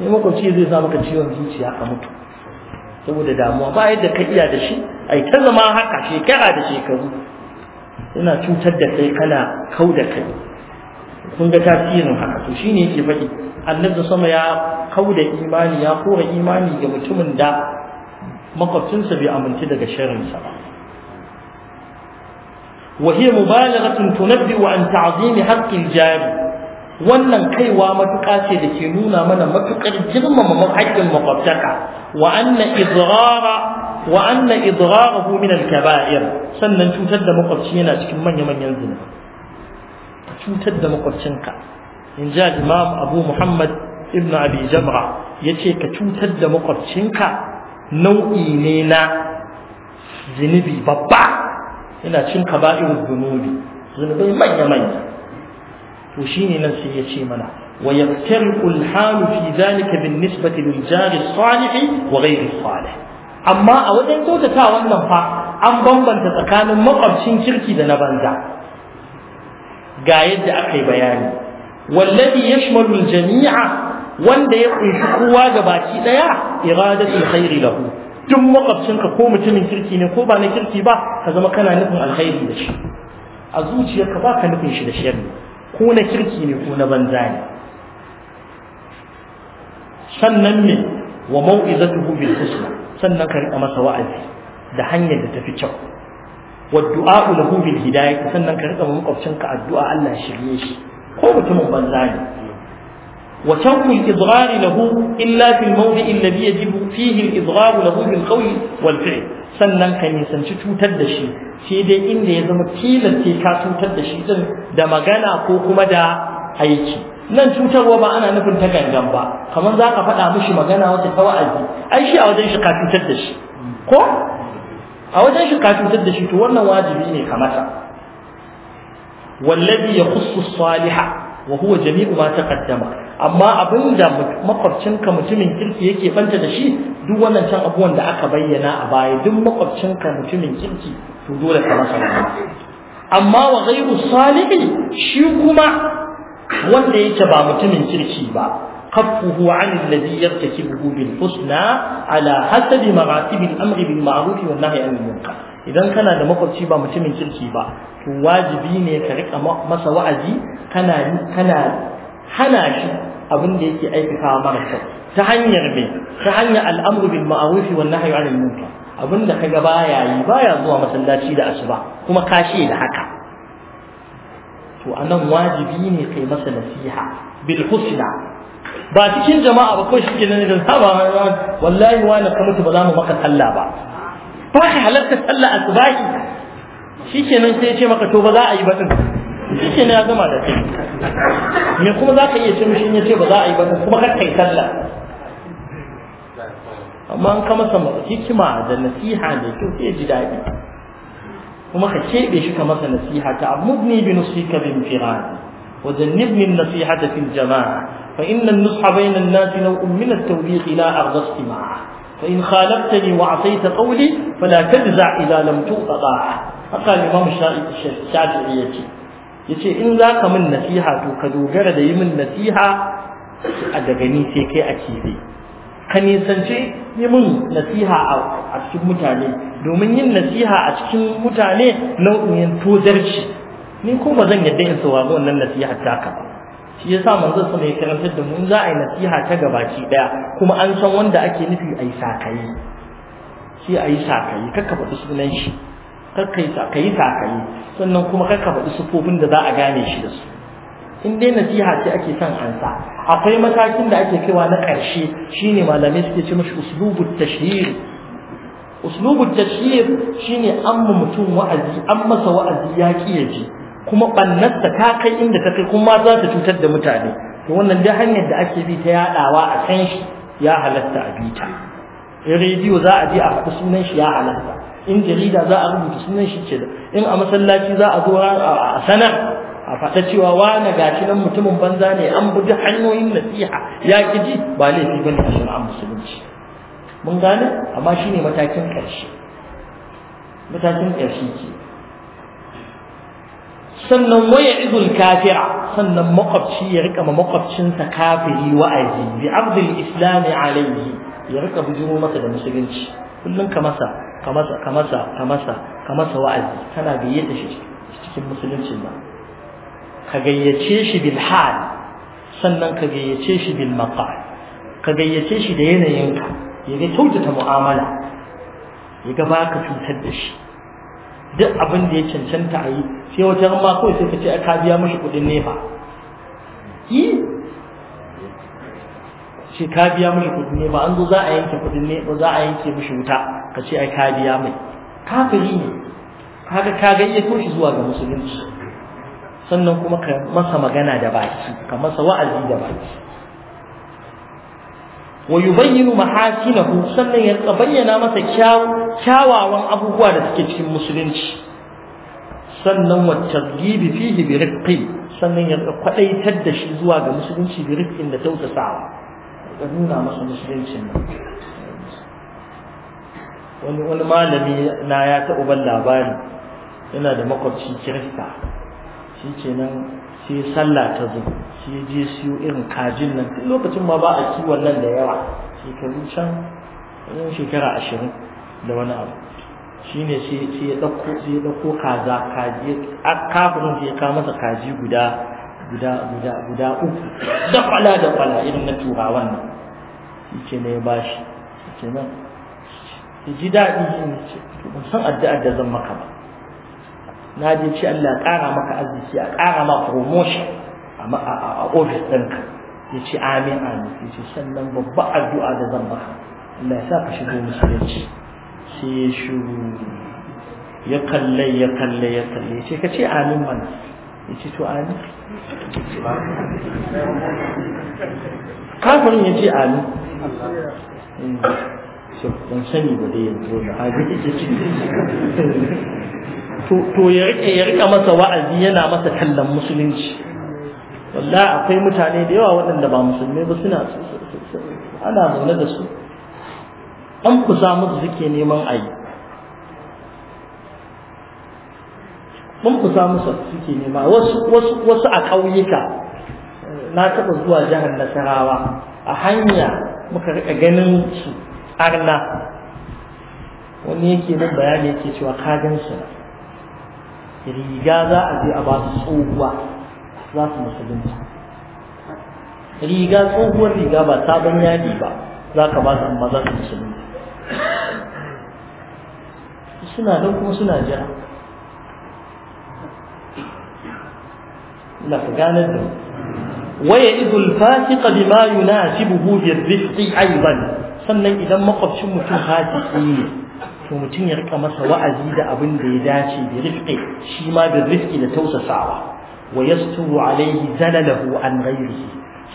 ne makwabci zai sa maka ciwon zuciya ka mutu saboda damuwa ba yadda ka iya da shi ai ta zama haka shekara da shekaru yana cutar da kai kana kau da kai kun ga tasirin haka to shine yake faɗi annabi sama ya kau da imani ya kora imani ga mutumin da makwabcinsa bai amince daga shirinsa ba وهي مبالغة تنبئ عن تعظيم حق الجاري wannan kaiwa matuƙa ce da ke nuna mana matuƙar girmama haƙƙin maƙwabtaka wa anna idrara wa anna idrarahu min al-kaba'ir sannan cutar da maƙwabci yana cikin manya manyan zunubi cutar da maƙwabcinka in ji imam abu muhammad ibn abi jamra yace ka cutar da maƙwabcinka nau'i ne na zunubi babba yana cin kaba'in dunubi zunubai manya manya to ne nan sai ya ce mana wa yaftariqu al-halu fi dhalika bin nisbati lil jari salih wa ghayri salih amma a wajen kyautata wannan fa an bambanta tsakanin makwabcin kirki da na banza ga yadda aka yi bayani wallafi yashmalu al-jami'a wanda ya kunshi kowa gabaki daya iradatul khairi lahu duk makwabcinka ko mutumin kirki ne ko ba na kirki ba ka zama kana nufin alkhairi da shi a zuciyarka ba ka nufin shi da sharri ko na kirki ne ko na banza ne sannan me wa mau'izatuhu bil husna sannan ka riƙa masa wa'azi da hanyar da tafi kyau wa du'a lahu bil hidayah sannan ka rika makwabcinka addu'a Allah shirye shi ko mutumin banza ne وترك الإضغار له إلا في الموضع الذي يجب فيه الإضغار له بالقول والفعل sannan ka nisanci cutar da shi sai dai inda ya zama tilas sai ka cutar da shi din da magana ko kuma da aiki nan cutarwa ba ana nufin ta gangan ba kamar za ka faɗa mishi magana wata ta wa'azi ai shi a wajen shi ka cutar da shi ko a wajen shi ka cutar da shi to wannan wajibi ne kamata. mata wallazi yakhussu salihah wa huwa jami'u ma taqaddama amma abin da makwabcinka mutumin kirki yake banta da shi duk wannan can abubuwan da aka bayyana a baya duk makwabcinka mutumin kirki to dole ka masa amma wa ghayru salihi shi kuma wanda yake ba mutumin kirki ba kaffuhu an alladhi yartakibuhu bil husna ala hasabi maratib al amri bil ma'ruf wan nahyi anil munkar idan kana da makwabci ba mutumin kirki ba to wajibi ne ka rika masa wa'azi kana kana hana shi abin da yake aikatawa mara kyau ta hanyar me ta hanyar al'amru bil ma'ruf wan nahyi 'anil munkar abin da kaga baya yi baya zuwa masallaci da asuba kuma kashi da haka to anan wajibi ne kai masa nasiha bil husna ba cikin jama'a ba ko shi ke nan da saba wallahi wani ka mutu ba za mu maka sallah ba ba ka halarta sallah shi shikenan sai ya ce maka to ba za a yi ba din shi ne ya gama da kai me kuma za ka iya ce mishi ya ce ba za a yi ba kuma kar kai sallah amma an ka masa hikima da nasiha da kyau sai ji daɗi kuma ka keɓe shi ka masa nasiha ta amudni bi nusika bin firani wa jannibni nasihata fil jama'a فإن النصح بين الناس نوع من التوبيخ لا أرضى استماعه فإن خالفتني وعصيت قولي فلا تجزع إذا لم تؤت طاعة فقال الإمام الشافعي yace in za ka min nasiha to ka dogara da yi min nasiha a daga ni sai kai a kibe ka nisance yi min nasiha a cikin mutane domin yin nasiha a cikin mutane nau'in tozarci ni ko ba zan yadda in sauwazo wannan nasiha taka ba shi yasa manzo sama ya karantar da mu za a yi nasiha ta gabaci daya kuma an san wanda ake nufi a yi sakayi sai a yi sakayi kakka faɗi sunan shi kakkai ka yi sakayi sannan kuma kakka faɗi sufofin da za a gane shi da su in dai nasiha ce ake son ansa akwai matakin da ake kaiwa na ƙarshe shine malamai suke ce mashi uslubu tashhir uslubu tashhir shine amma mutum wa'azi an masa wa'azi ya ji. kuma bannarsa ta kai inda ta kai kuma za ta cutar da mutane to wannan dai hanyar da ake bi ta yadawa a kan shi ya halatta a bita rediyo za a je a sunan shi ya halatta in jarida za a rubuta sunan shi ce in a masallaci za a zo a sanar a fata cewa wa na gashi nan mutumin banza ne an buɗe hanyoyin nasiha ya kiji ba laifi bane a shari'ar musulunci mun gane amma shine matakin ƙarshe matakin ƙarshe ke sannan waya izul kafira sannan makwabci ya rika ma makwabcinsa kafiri wa'azi bi abdul islami alaihi ya rika bujuro masa da musulunci kullum ka masa ka masa ka masa wa'azi tana biye da shi cikin musuluncin ba. ka gayyace shi bil hal sannan ka gayyace shi bil maqal ka gayyace shi da yanayinka ya ga kyautata mu'amala ya ga baka cutar da shi duk abin da ya cancanta a yi sai wajen ma kawai sai ka ce ka biya mashi kuɗin nefa yi ce ka biya mashi kudin nefa an zo za a yanke kuɗin nefa za a yanke mashi wuta ka ce ai ka biya mai kafiri ne kaga ka iya shi zuwa ga musulunci sannan kuma ka masa magana da baki ka masa wa'azi da baki wa yubayyinu mahasinahu sannan ya bayyana masa kyawawan abubuwa da suke cikin musulunci sannan wa targhibi fihi bi riqqi sannan ya kwadaitar da shi zuwa ga musulunci bi riqqin da tausasawa ka nuna masa musulunci nan wani wani malami na ya taɓa ban labari yana da makwabci kirista shi nan sai sallah ta zo sai je siyo irin kajin nan duk lokacin ma ba a kiwon nan da yawa shekaru can wani shekara ashirin da wani abu ne sai ya ɗauko sai ya ɗauko kaza kaji a kafin sai ya kawo masa kaji guda guda guda guda uku da kwala da kwala irin na turawan nan shi ke ne ya bashi shi ke nan ji daɗi in ce ban san addu'ar da zan maka ba na je ce Allah ƙara maka arziki a ƙara ma promotion a ofis ɗinka ya ce amin amin ya ce sannan babba addu'a da zan maka Allah ya sa ka shigo musulunci sai ya shiru ya kalle ya kalle ya kalle ya ce ka ce amin mana ya ce to amin kafin ya ce amin sai ban sani ba dai yanzu wanda hali yake cikin to ya rike ya rika masa wa'azi yana masa tallan musulunci wallahi akwai mutane da yawa waɗanda ba musulmai ba suna ana zaune da su an kusa musu suke neman ayi mun kusa musu suke nema wasu wasu wasu a ƙauyuka na taɓa zuwa jihar Nasarawa a hanya muka riƙa ganin su arna wani yake nan bayani yake cewa kagan su riga za a je a ba su tsohuwa za su musulunci riga tsohuwar riga ba sabon yadi ba za ka ba su amma za su musulunci suna nan kuma suna jira na ku ganar da waya idul fasiqa bima yunasibuhu birrizqi aidan sannan idan makwabcin mutum fasiki ne to mutum ya rika masa wa'azi da abin da ya dace bi rifqi shi ma da rifqi da tausasawa wa yasturu alaihi zalalahu an ghairihi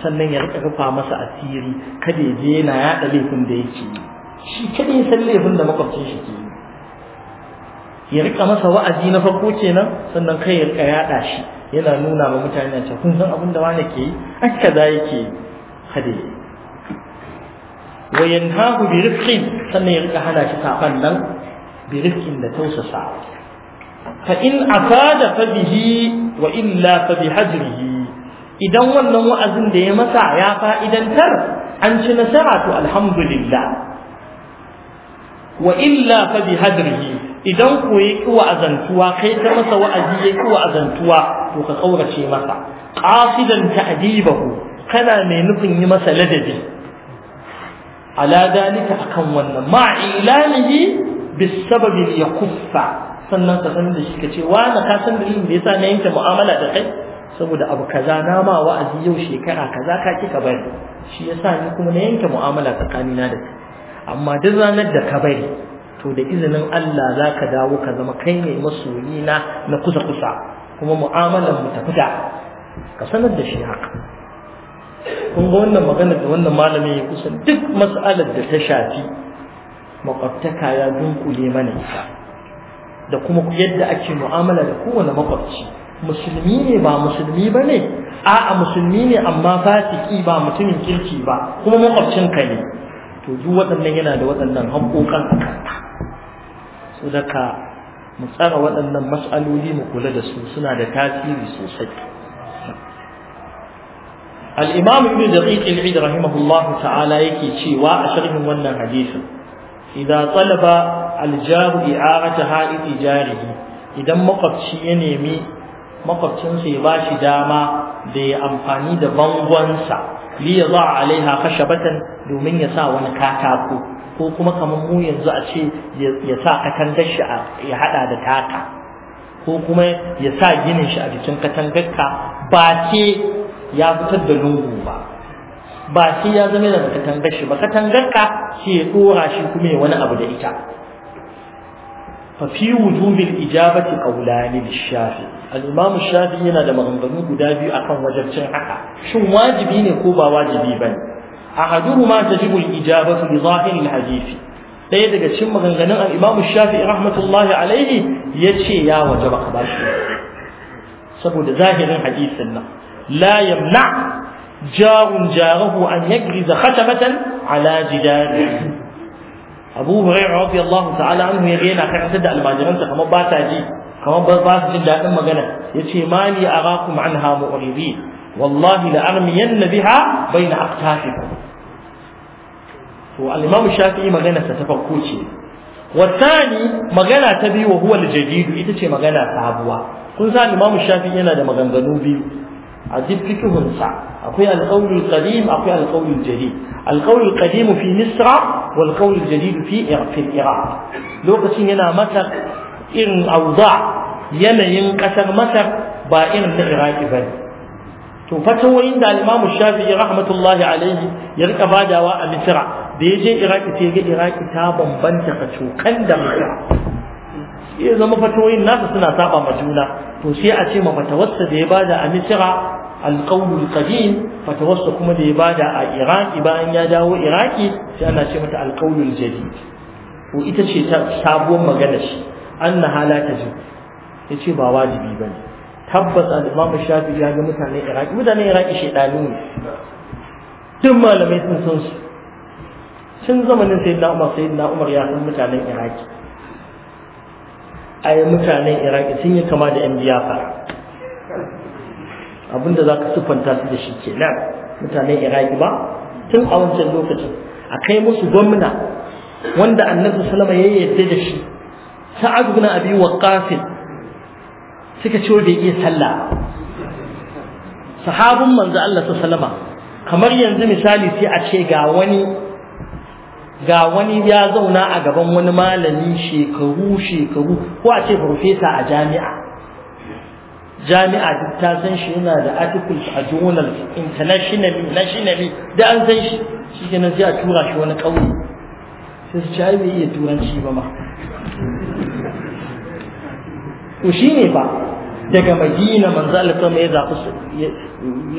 sannan ya rika rufa masa asiri kada ya je yana yada laifin da yake shi kada ya san laifin da makwabcin shi ke ya rika masa wa'azi na farko kenan sannan kai ya rika yada shi yana nuna ma mutane ta kun san abin da wani ke yi haka za yake kada wa yanhahu bi rifqin sannan ya rika hana shi saban nan bi da tausasa fa in afada fa bihi wa illa fa bi idan wannan wa'azin da ya masa ya fa'idantar an ci nasara to alhamdulillah wa illa fa bi idan ko ya ki wa'azantuwa kai ta masa wa'azi ya ki wa'azantuwa to ka kaurace masa qasidan ta'dibahu kana mai nufin yi masa ladabi ala dalika akan wannan ma ilanihi bisababi ya kuffa sannan ka san da shi ka ce na ka san dalilin me yasa na yanke mu'amala da kai saboda abu kaza na ma wa'azi yau shekara kaza ka ki ka bari shi yasa ni kuma na yanke mu'amala tsakanina da kai amma duk ranar da ka bari to da izinin Allah za ka dawo ka zama kai ne masoyina na kusa kusa kuma mu'amalar mu ta fita ka sanar da shi haka kun ga wannan magana da wannan malamin ya kusa duk mas'alar da ta shafi makwabtaka ya dunkule mana ita da kuma yadda ake mu'amala da kowane makwabci musulmi ne ba musulmi ba ne a'a musulmi ne amma fasiki ba mutumin kirki ba kuma makwabcin ka ne to duk waɗannan yana da waɗannan hankokan a kanta so daga mu tsara waɗannan mas'aloli mu kula da su suna da tasiri sosai الإمام ابن دقيق العيد رحمه الله تعالى يكي شيوا أشرح ونن حديثا إذا طلب الجار إعارة حائط جاره إذا مقبشي ينمي makwabcinsa ya ba shi dama da ya amfani da bangonsa li ya za alaiha khashabatan domin ya sa wani katako ko kuma kamar mu yanzu a ce ya sa katangar shi ya hada da taka ko kuma ya sa ginin shi a jikin katangar ka ba ce ya fitar da lungu ba ba shi ya zama da katangar shi ba katangar ka shi ya dora shi kuma ya wani abu da ita fa fi wujubil ijabati qawlani lishafi al-imam shafi yana da maganganu guda biyu akan wajibcin haka shin wajibi ne ko ba wajibi bane ahaduhuma tajibu al-ijabatu bi zahiri al-hadisi ɗaya daga cikin maganganun al-imam shafi rahmatullahi alaihi yace ya wajaba ka bashi saboda zahirin hadisin nan la yamna jarun jarahu an yagriza khatamatan ala jidari abu hurairah radiyallahu ta'ala anhu ya yana karantar da almajiransa kamar Kama ta ji kamar ba su jin daɗin magana yace mali arakum anha mu'ridin wallahi la armiyanna biha bayna aqtafikum to al-imam shafi'i magana ta farko ce wasani magana ta biyu wa huwa al-jadid ita ce magana sabuwa kun san al-imam shafi'i yana da maganganu biyu a duk fikihunsa akwai alƙawlul ƙadim, akwai alƙawlul jadid alƙawlul ƙadimu fi misra wal qawlul fi irfil iraq lokacin yana masar irin auza yanayin ƙasar masar ba irin na iraki ne. to fatawoyin da al-imam shafi'i rahmatullahi alaihi ya rika badawa a misra da ya je iraki sai ga iraki ta bambanta kacokan da misra ya zama fatawoyin nasa suna saba ma juna to sai a ce ma fatawarsa da ya bada a misira alƙawul qadim fatawarsa kuma da ya bada a iraki bayan ya dawo iraki sai ana ce mata alƙawul jadid Ko ita ce ta sabuwar magana shi annaha la tajib yace ba wajibi bane tabbas al-imam shafi'i ya ga mutanen iraki mutanen iraki shedanu ne duk malamai sun san su tun zamanin sayyidina umar sayyidina umar ya san mutanen iraki ai mutanen iraki sun yi kama da 'yan biyafa abinda za ka siffanta su da shi ke nan mutanen iraki ba tun a wancan lokacin a kai musu gwamna wanda annabi salama ya yarda da shi sa'ad ibn abi waqqas suka ciwo da iya sallah sahabun manzo Allah Sallama kamar yanzu misali sai a ce ga wani ga wani ya zauna a gaban wani malami shekaru shekaru ko a ce farfesa a jami'a jami'a duk ta san shi yana da articles a journal internationally nationally da an san shi shi kenan sai a tura shi wani kauye sai su ci bai iya turanci ba ma to shi ne ba daga madina manzo Allah ya zaɓi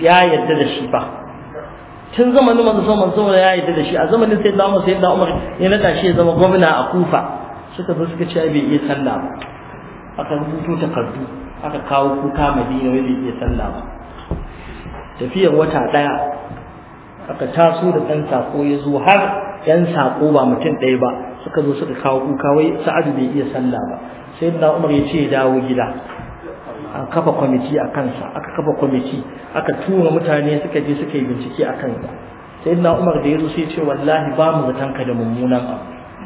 ya yarda da shi ba tun zamanin manzo sama manzo ya yi da shi a zamanin sai da Umar sai da Umar ya nada shi ya zama gwamna a Kufa suka zo suka ce bai iya sallah ba aka rubuto takardu aka kawo kuka Madina wanda iya sallah ba tafiyar wata daya aka taso da ɗan sako ya zo har dan sako ba mutum ɗaya ba suka zo suka kawo kuka wai sa'adu bai iya sallah ba sai da Umar ya ce ya dawo gida an kafa kwamiti a kansa aka kafa kwamiti aka tura mutane suka je suka yi bincike a kansa sai na umar da ya zo sai ce wallahi ba mu zatanka da mummunan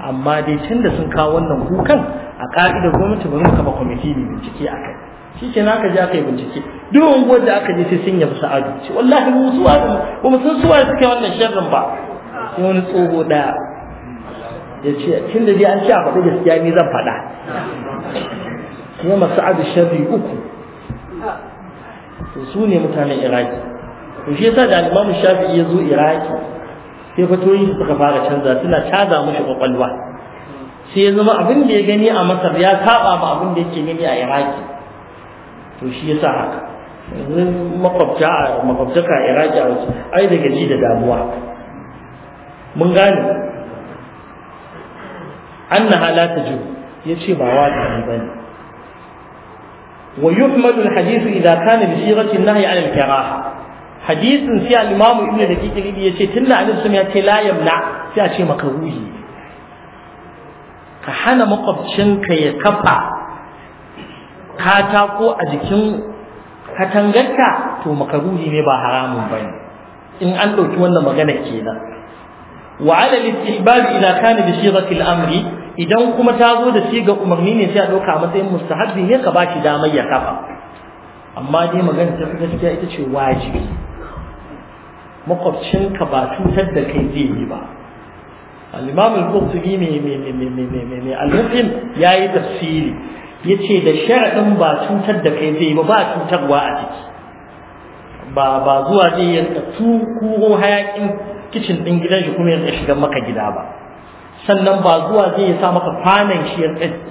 amma dai tun da sun kawo wannan kukan a ka'idar gwamnati bari mu kafa kwamiti mai bincike a kai shi ke na aka je aka yi bincike duk unguwar da aka je sai sun yabi sa'adu ce wallahi mu suwa ba mu san suwa suke wannan sharrin ba sai wani tsoho daya ya ce tun da dai an ce a faɗi gaskiya ni zan faɗa kuma adi Shafi uku to su ne mutanen iraki to shi yasa da alimamu Shafi ya zo iraki sai fatoyin suka fara canza suna caza mushi kwakwalwa sai ya zama abin da ya gani a masar ya saba ma abin da yake gani a iraki to shi yasa haka makwabta a makwabtaka a iraki a wasu ai da gaji da damuwa mun gane halata ji ya ce ba wata ne ne ويحمد الحديث إذا كان بصيغة النهي عن الكراهة حديث في الإمام ابن دقيق الذي يشي تلا عن السمية لا يمنع في أشي مكروه كحنا مقبشن كي كفا katako a jikin katangarka to makaruhi ne ba haramun ba ne in an ɗauki wannan magana kenan wa ala al amri idan kuma ta zo da ga umarni ne sai a ɗauka matsayin mustahabbi ne ka bashi damar ya kafa amma dai magana ta gaskiya ita ce wajibi makwabcinka ba cutar da kai zai yi ba al-imam al-qurtubi mai me me me al-muslim yayi tafsiri yace da sharadin ba cutar da kai zai ba ba cutarwa a ciki ba ba zuwa zai yanka tu ko hayakin kitchen din gidan shi kuma ya shiga maka gida ba sannan ba zuwa zai ya sa maka kwanan shi ya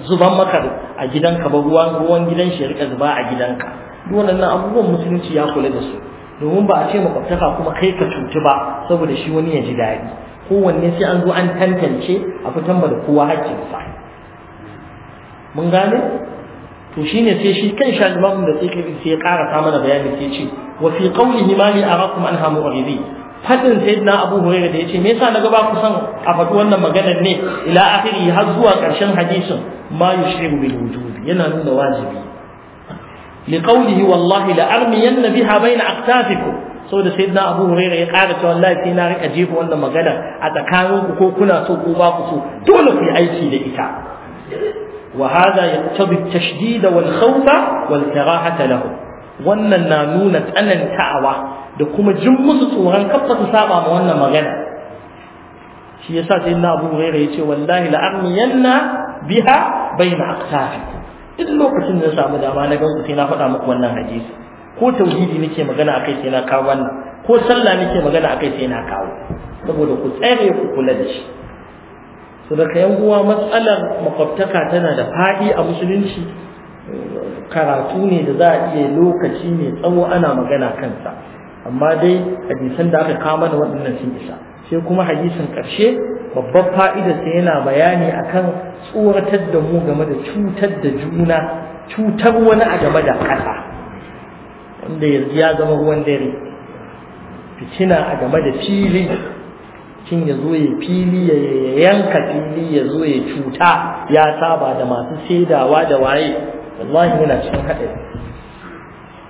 zuban maka a gidanka ba ruwan ruwan gidan shi ya rika zuba a gidanka duk wannan abubuwan musulunci ya kula da su domin ba a ce makwabtaka kuma kai ka cutu ba saboda shi wani ya ji daɗi kowanne sai an zo an tantance a fitan ba da kowa hakkinsa mun gane to shine sai shi kan shalimamun da sai sai ya karasa mana bayani sai ce wa fi qawlihi ma li arakum anha mu'ridi fadin sayyidina abu hurairah da ya ce me yasa naga ba ku san a faɗi wannan maganar ne ila akhiri har zuwa ƙarshen hadisin ma yushiru bil wujub yana nuna wajibi li qawlihi wallahi la armiyanna biha bayna aqtafikum saboda sayyidina abu hurairah ya ƙara cewa wallahi sai na rika jefa wannan magana a tsakaninku ko kuna so ko ba ku so dole ku yi aiki da ita وهذا يقتضي التشديد والخوف والكراهة له wannan na nuna tsanantawa da kuma jin musu tsoron kafa su saba ma wannan magana shi yasa sai na Abu ya ce wallahi la armiyanna biha baina aqtafi idan lokacin da samu dama na su sai na faɗa muku wannan hadisi ko tauhidi nake magana akai sai na kawo wannan ko sallah nake magana akai sai na kawo saboda ku tsare ku kula da shi so da kayan uwa matsalar makwabtaka tana da fadi a musulunci karatu ne da za a iya lokaci mai tsawo ana magana kansa amma dai hadisan da aka kama da waɗannan sun isa sai kuma hadisin ƙarshe babbar sa yana bayani akan tsoratar da mu game da cutar da juna cutar wani a game da ƙasa wanda yanzu ya zama ruwan dare fitina a game da fili cin ya zo ya fili ya yanka fili ya zo ya cuta ya saba da masu saidawa da waye wallahi yana cikin haɗari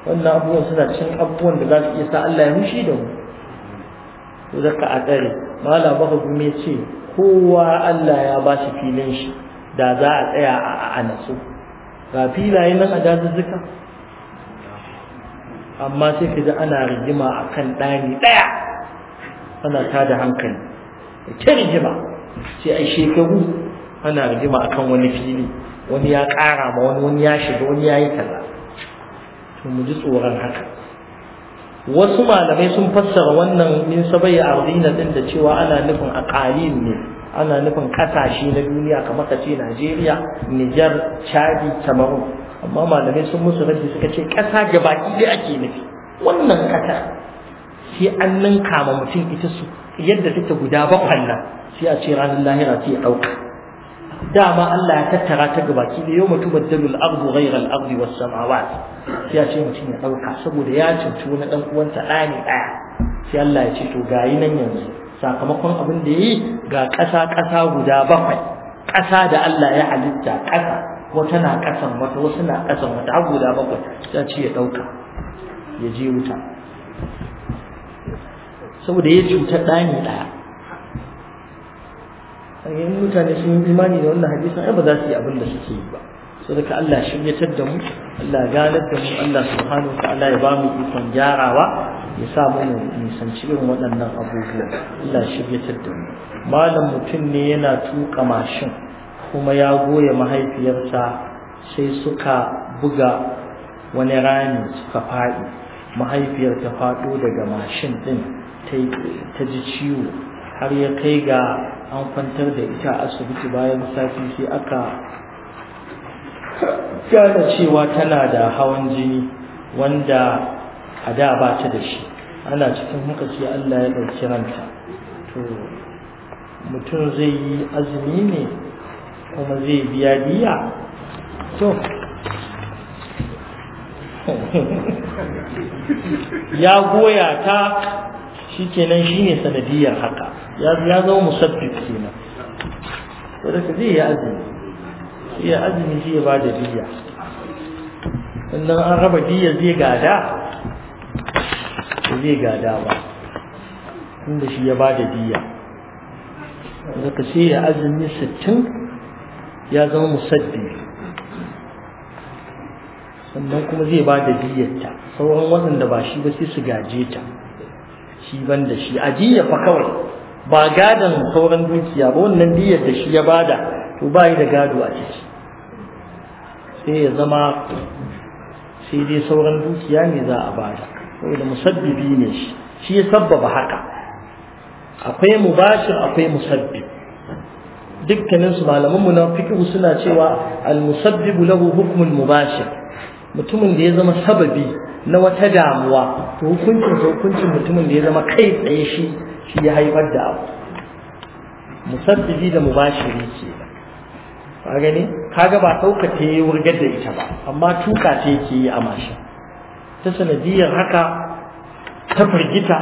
wannan abubuwan suna cikin abubuwan da za su iya sa Allah ya mushi da mu to zaka a tsare mallam baka ce kowa Allah ya ba shi filin shi da za a tsaya a anasu ga filaye nan a dazuzzuka amma sai ka ji ana rigima a kan ɗani ɗaya ana ta da hankali ke rigima sai a shekaru ana rigima a kan wani fili wani ya ƙara ma wani wani ya shiga wani ya yi kaza to mu ji tsoron haka wasu malamai sun fassara wannan min sabai ardina din da cewa ana nufin aqalin ne ana nufin kasashe na duniya kamar ka ce Najeriya Niger Chad Cameroon amma malamai sun musu raddi suka ce kasa gabaki dai ake nufi wannan kasa sai an ninka ma mutum ita su yadda take guda bakwai nan sai a ce ranar lahira sai ya dauka dama Allah ya tattara ta ga baki da yawma tubaddalu al-ardu ghayra al-ardi was samawati sai ya ce mutum ya dauka saboda ya cinci wani dan uwansa ne ɗaya sai Allah ya ce to gayi nan yanzu sakamakon abin da yi ga kasa kasa guda bakwai Kasa da Allah ya halitta kasa ko tana kasan wata wasu na kasan wata har guda bakwai ya ce ya dauka ya je wuta saboda ya cuta dani ɗaya in mutane sun yi imani da wannan hadisin ai ba za su yi abin da suke yi ba so daga Allah shiryatar da mu Allah ganar da mu Allah subhanahu ta'ala ya ba mu ikon gyarawa ya sa mu nisanci irin waɗannan abubuwa Allah shiryatar da mu malam mutum ne yana tuka mashin kuma ya goya mahaifiyarsa sai suka buga wani rami suka faɗi mahaifiyar ta faɗo daga mashin ɗin ta ji ciwo har ya kai ga an kwantar da ita a asibiti bayan sati sai aka gane cewa tana da hawan jini wanda a da ba ta da shi ana cikin muka ce Allah ya ɗauki ranta to mutum zai yi azumi ne kuma zai biya biya to <laughs> ya goya ta shi shi ne sanadiyar haka ya ya zama musabbib kenan to da kaje ya azumi azumi shi ya bada diya sannan an raba diya zai gada zai gada ba inda shi ya bada azumi 60 ya zama musabbib sannan kuma zai ba da diyyarta sauran waɗanda ba shi ba sai su gaje ta shi ban da shi ajiya fa kawai ba gadon sauran dukiya ba wannan diyar da shi ya bada to ba yi da gado a ciki sai ya zama sai dai sauran dukiya ne za a bada saboda musabbibi ne shi shi ya sabbaba haka akwai mubashir akwai musabbib dukkanin su malaman mu na fiqh suna cewa al musabbibu lahu hukmul mubashir mutumin da ya zama sababi na wata damuwa to hukuncin hukuncin mutumin da ya zama kai tsaye shi shi ya haifar da abu musabbibi da mubashiri ce ka gani kaga ba ta ya wurgar da ita ba amma tuka ta yake yi a mashin ta sanadiyar haka ta firgita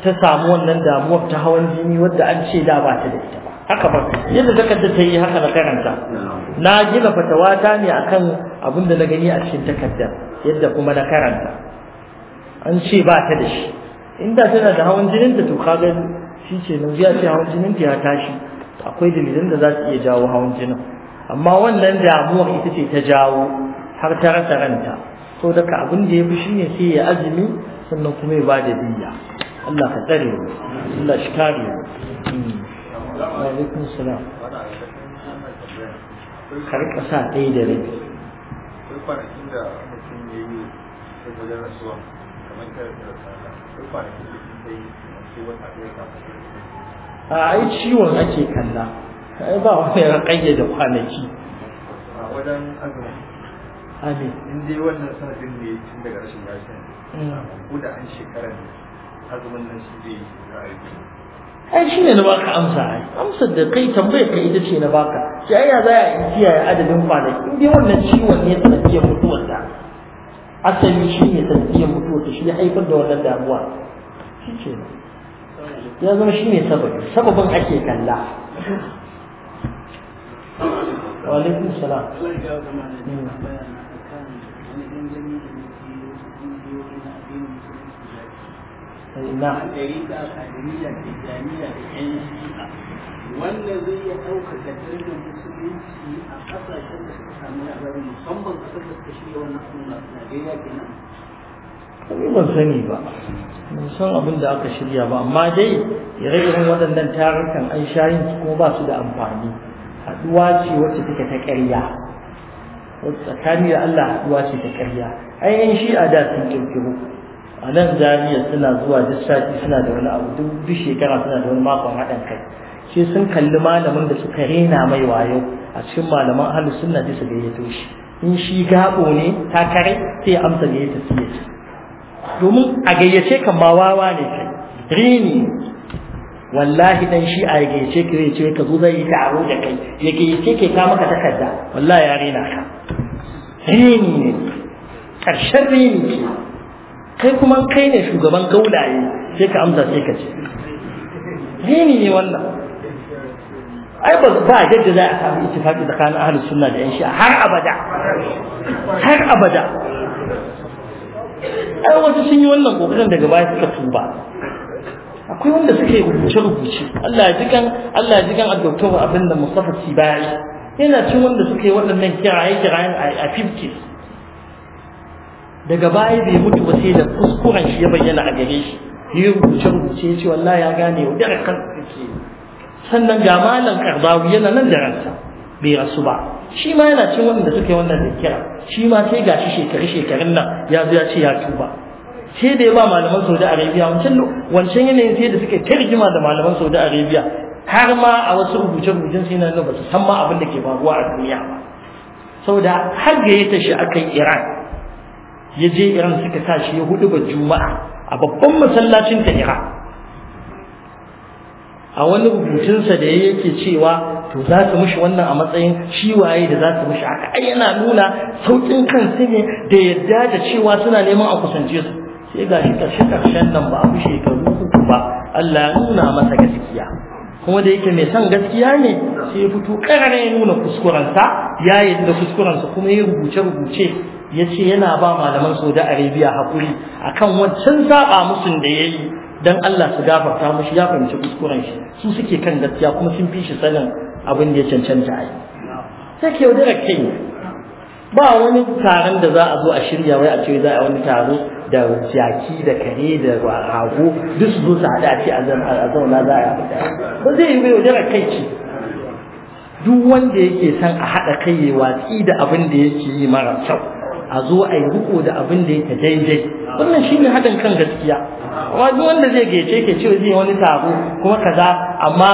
ta samu wannan damuwar ta hawan jini wadda an ce da ba ta da ita ba haka ba yadda kadda ta yi haka na karanta na gina fatawa ta ne akan abin da na gani a cikin takardar yadda kuma na karanta an ce ba ta da shi inda tana da hawan jinin ta to kaga shi ce nan ya ce hawan jinin ta ya tashi akwai dalilan da za su iya jawo hawan jinin amma wannan da damuwar ita ce ta jawo har ta rasa ranta da daga abin da ya fi shine sai ya azumi sannan kuma ya ba da biya Allah ka tsare mu Allah shi kare mu hmm. alaikum salam ka sa dai da rabi kwanakin da mutum ya yi rasuwa kamar a yi ciwon ake kalla ai ba wani ya da kwanaki a wajen azumi amin in dai wannan sanadin ne tun daga rashin lafiya mm. ko da an shekarar ne azumin nan shi zai ga aiki ai shi ne na baka amsa ai amsar da kai tambayar ka ita ce na baka shi ai ya za a yi kiyaye adadin kwanaki in dai wannan ciwon ne sanadiyar mutuwar ta asali shi ne sanadiyar mutuwa ta shi ya haifar da wannan damuwa shi ke ya zama shi ne sababi sababin ake kalla walaikun salam na wannan zai iya ɗaukaka darajar musulunci a ƙasashen da ban sani ba ban san abin da aka shirya ba amma dai ire-iren waɗannan tarukan an shayin ko ba su da amfani haɗuwa ce wacce take ta ƙarya wacce tsakani da Allah haɗuwa ce ta ƙarya ainihin shi a da sun ƙirƙiro a nan zariya suna zuwa duk sati suna da wani abu duk shekara suna da wani makon haɗin kai sai sun kalli malamin da suka rena mai wayo a cikin malaman ahlus sunna sai su gayyato toshi in shi gabo ne takare sai ya amsa da ya tafiye domin a gayyace kan ba wawa ne kai rini wallahi dan shi a gayyace ka zai ce ka zo zai yi taro da kai ya gayyace ke ka maka takarda wallahi ya rena ka rini ne karshen rini ce kai kuma kai ne shugaban gaulaye sai ka amsa sai ka ce rini ne wannan ai ba ba yadda za a samu ittifaqi tsakanin ahlus sunna da yan har abada har abada ai wasu sun yi wannan kokarin daga baya suka tuba akwai wanda suke rubuce rubuce Allah ya jikan Allah ya jikan addu'a abin da Mustafa Sibai yana cin wanda suke waɗannan kiraye kiraye a 50 daga baya bai mutu ba sai da kuskuren shi ya bayyana a gare shi yi rubuce rubuce ya ce wallahi ya gane yaudarar kan suke sannan ga malam karbawi yana nan da ransa bai rasu ba shi ma yana cin wanda suka yi wannan zikira shi ma sai ga shi shekaru shekarun nan ya zo ya ce ya tuba sai da ya ba malaman Saudi Arabia wancan wancan yanayin sai da suke tarjima da malaman Saudi Arabia har ma a wasu rubuce-rubucen sai na ba su san ma abin da ke faruwa a duniya ba saboda har ga ya tashi akan Iran ya je Iran suka tashi ya hudu ba Juma'a a babban masallacin ta Iran a wani rubutunsa da ya yake cewa to za su mushi wannan a matsayin shi waye da za su mushi haka ai yana nuna sauƙin kansu ne da yadda da cewa suna neman a kusance su sai ga shi ƙarshe ƙarshen nan ba a fi shekaru uku ba Allah ya nuna masa gaskiya kuma da yake mai son gaskiya ne sai ya fito ƙarare ya nuna kuskurensa ya yadda kuskurensa kuma ya rubuce-rubuce ya ce yana ba malaman saudi arabia haƙuri akan wancan saɓa musun da ya yi dan Allah su gafarta mushi ya fahimci kuskuren shi su suke kan gaskiya kuma sun fi shi sanin abin da ya cancanta ai sai ke yaudara kai ba wani taron da za a zo a shirya wai a ce za a wani taro da jaki da kare da rago duk su zo su ce a zauna za a yi ba zai yi yaudara kai ce duk wanda yake son a haɗa kai ya watsi da abin da yake yi mara kyau a zo a yi riko da abin da yake daidai wannan shi ne haɗin kan gaskiya amma duk wanda zai gece ke cewa zai wani taro kuma kaza amma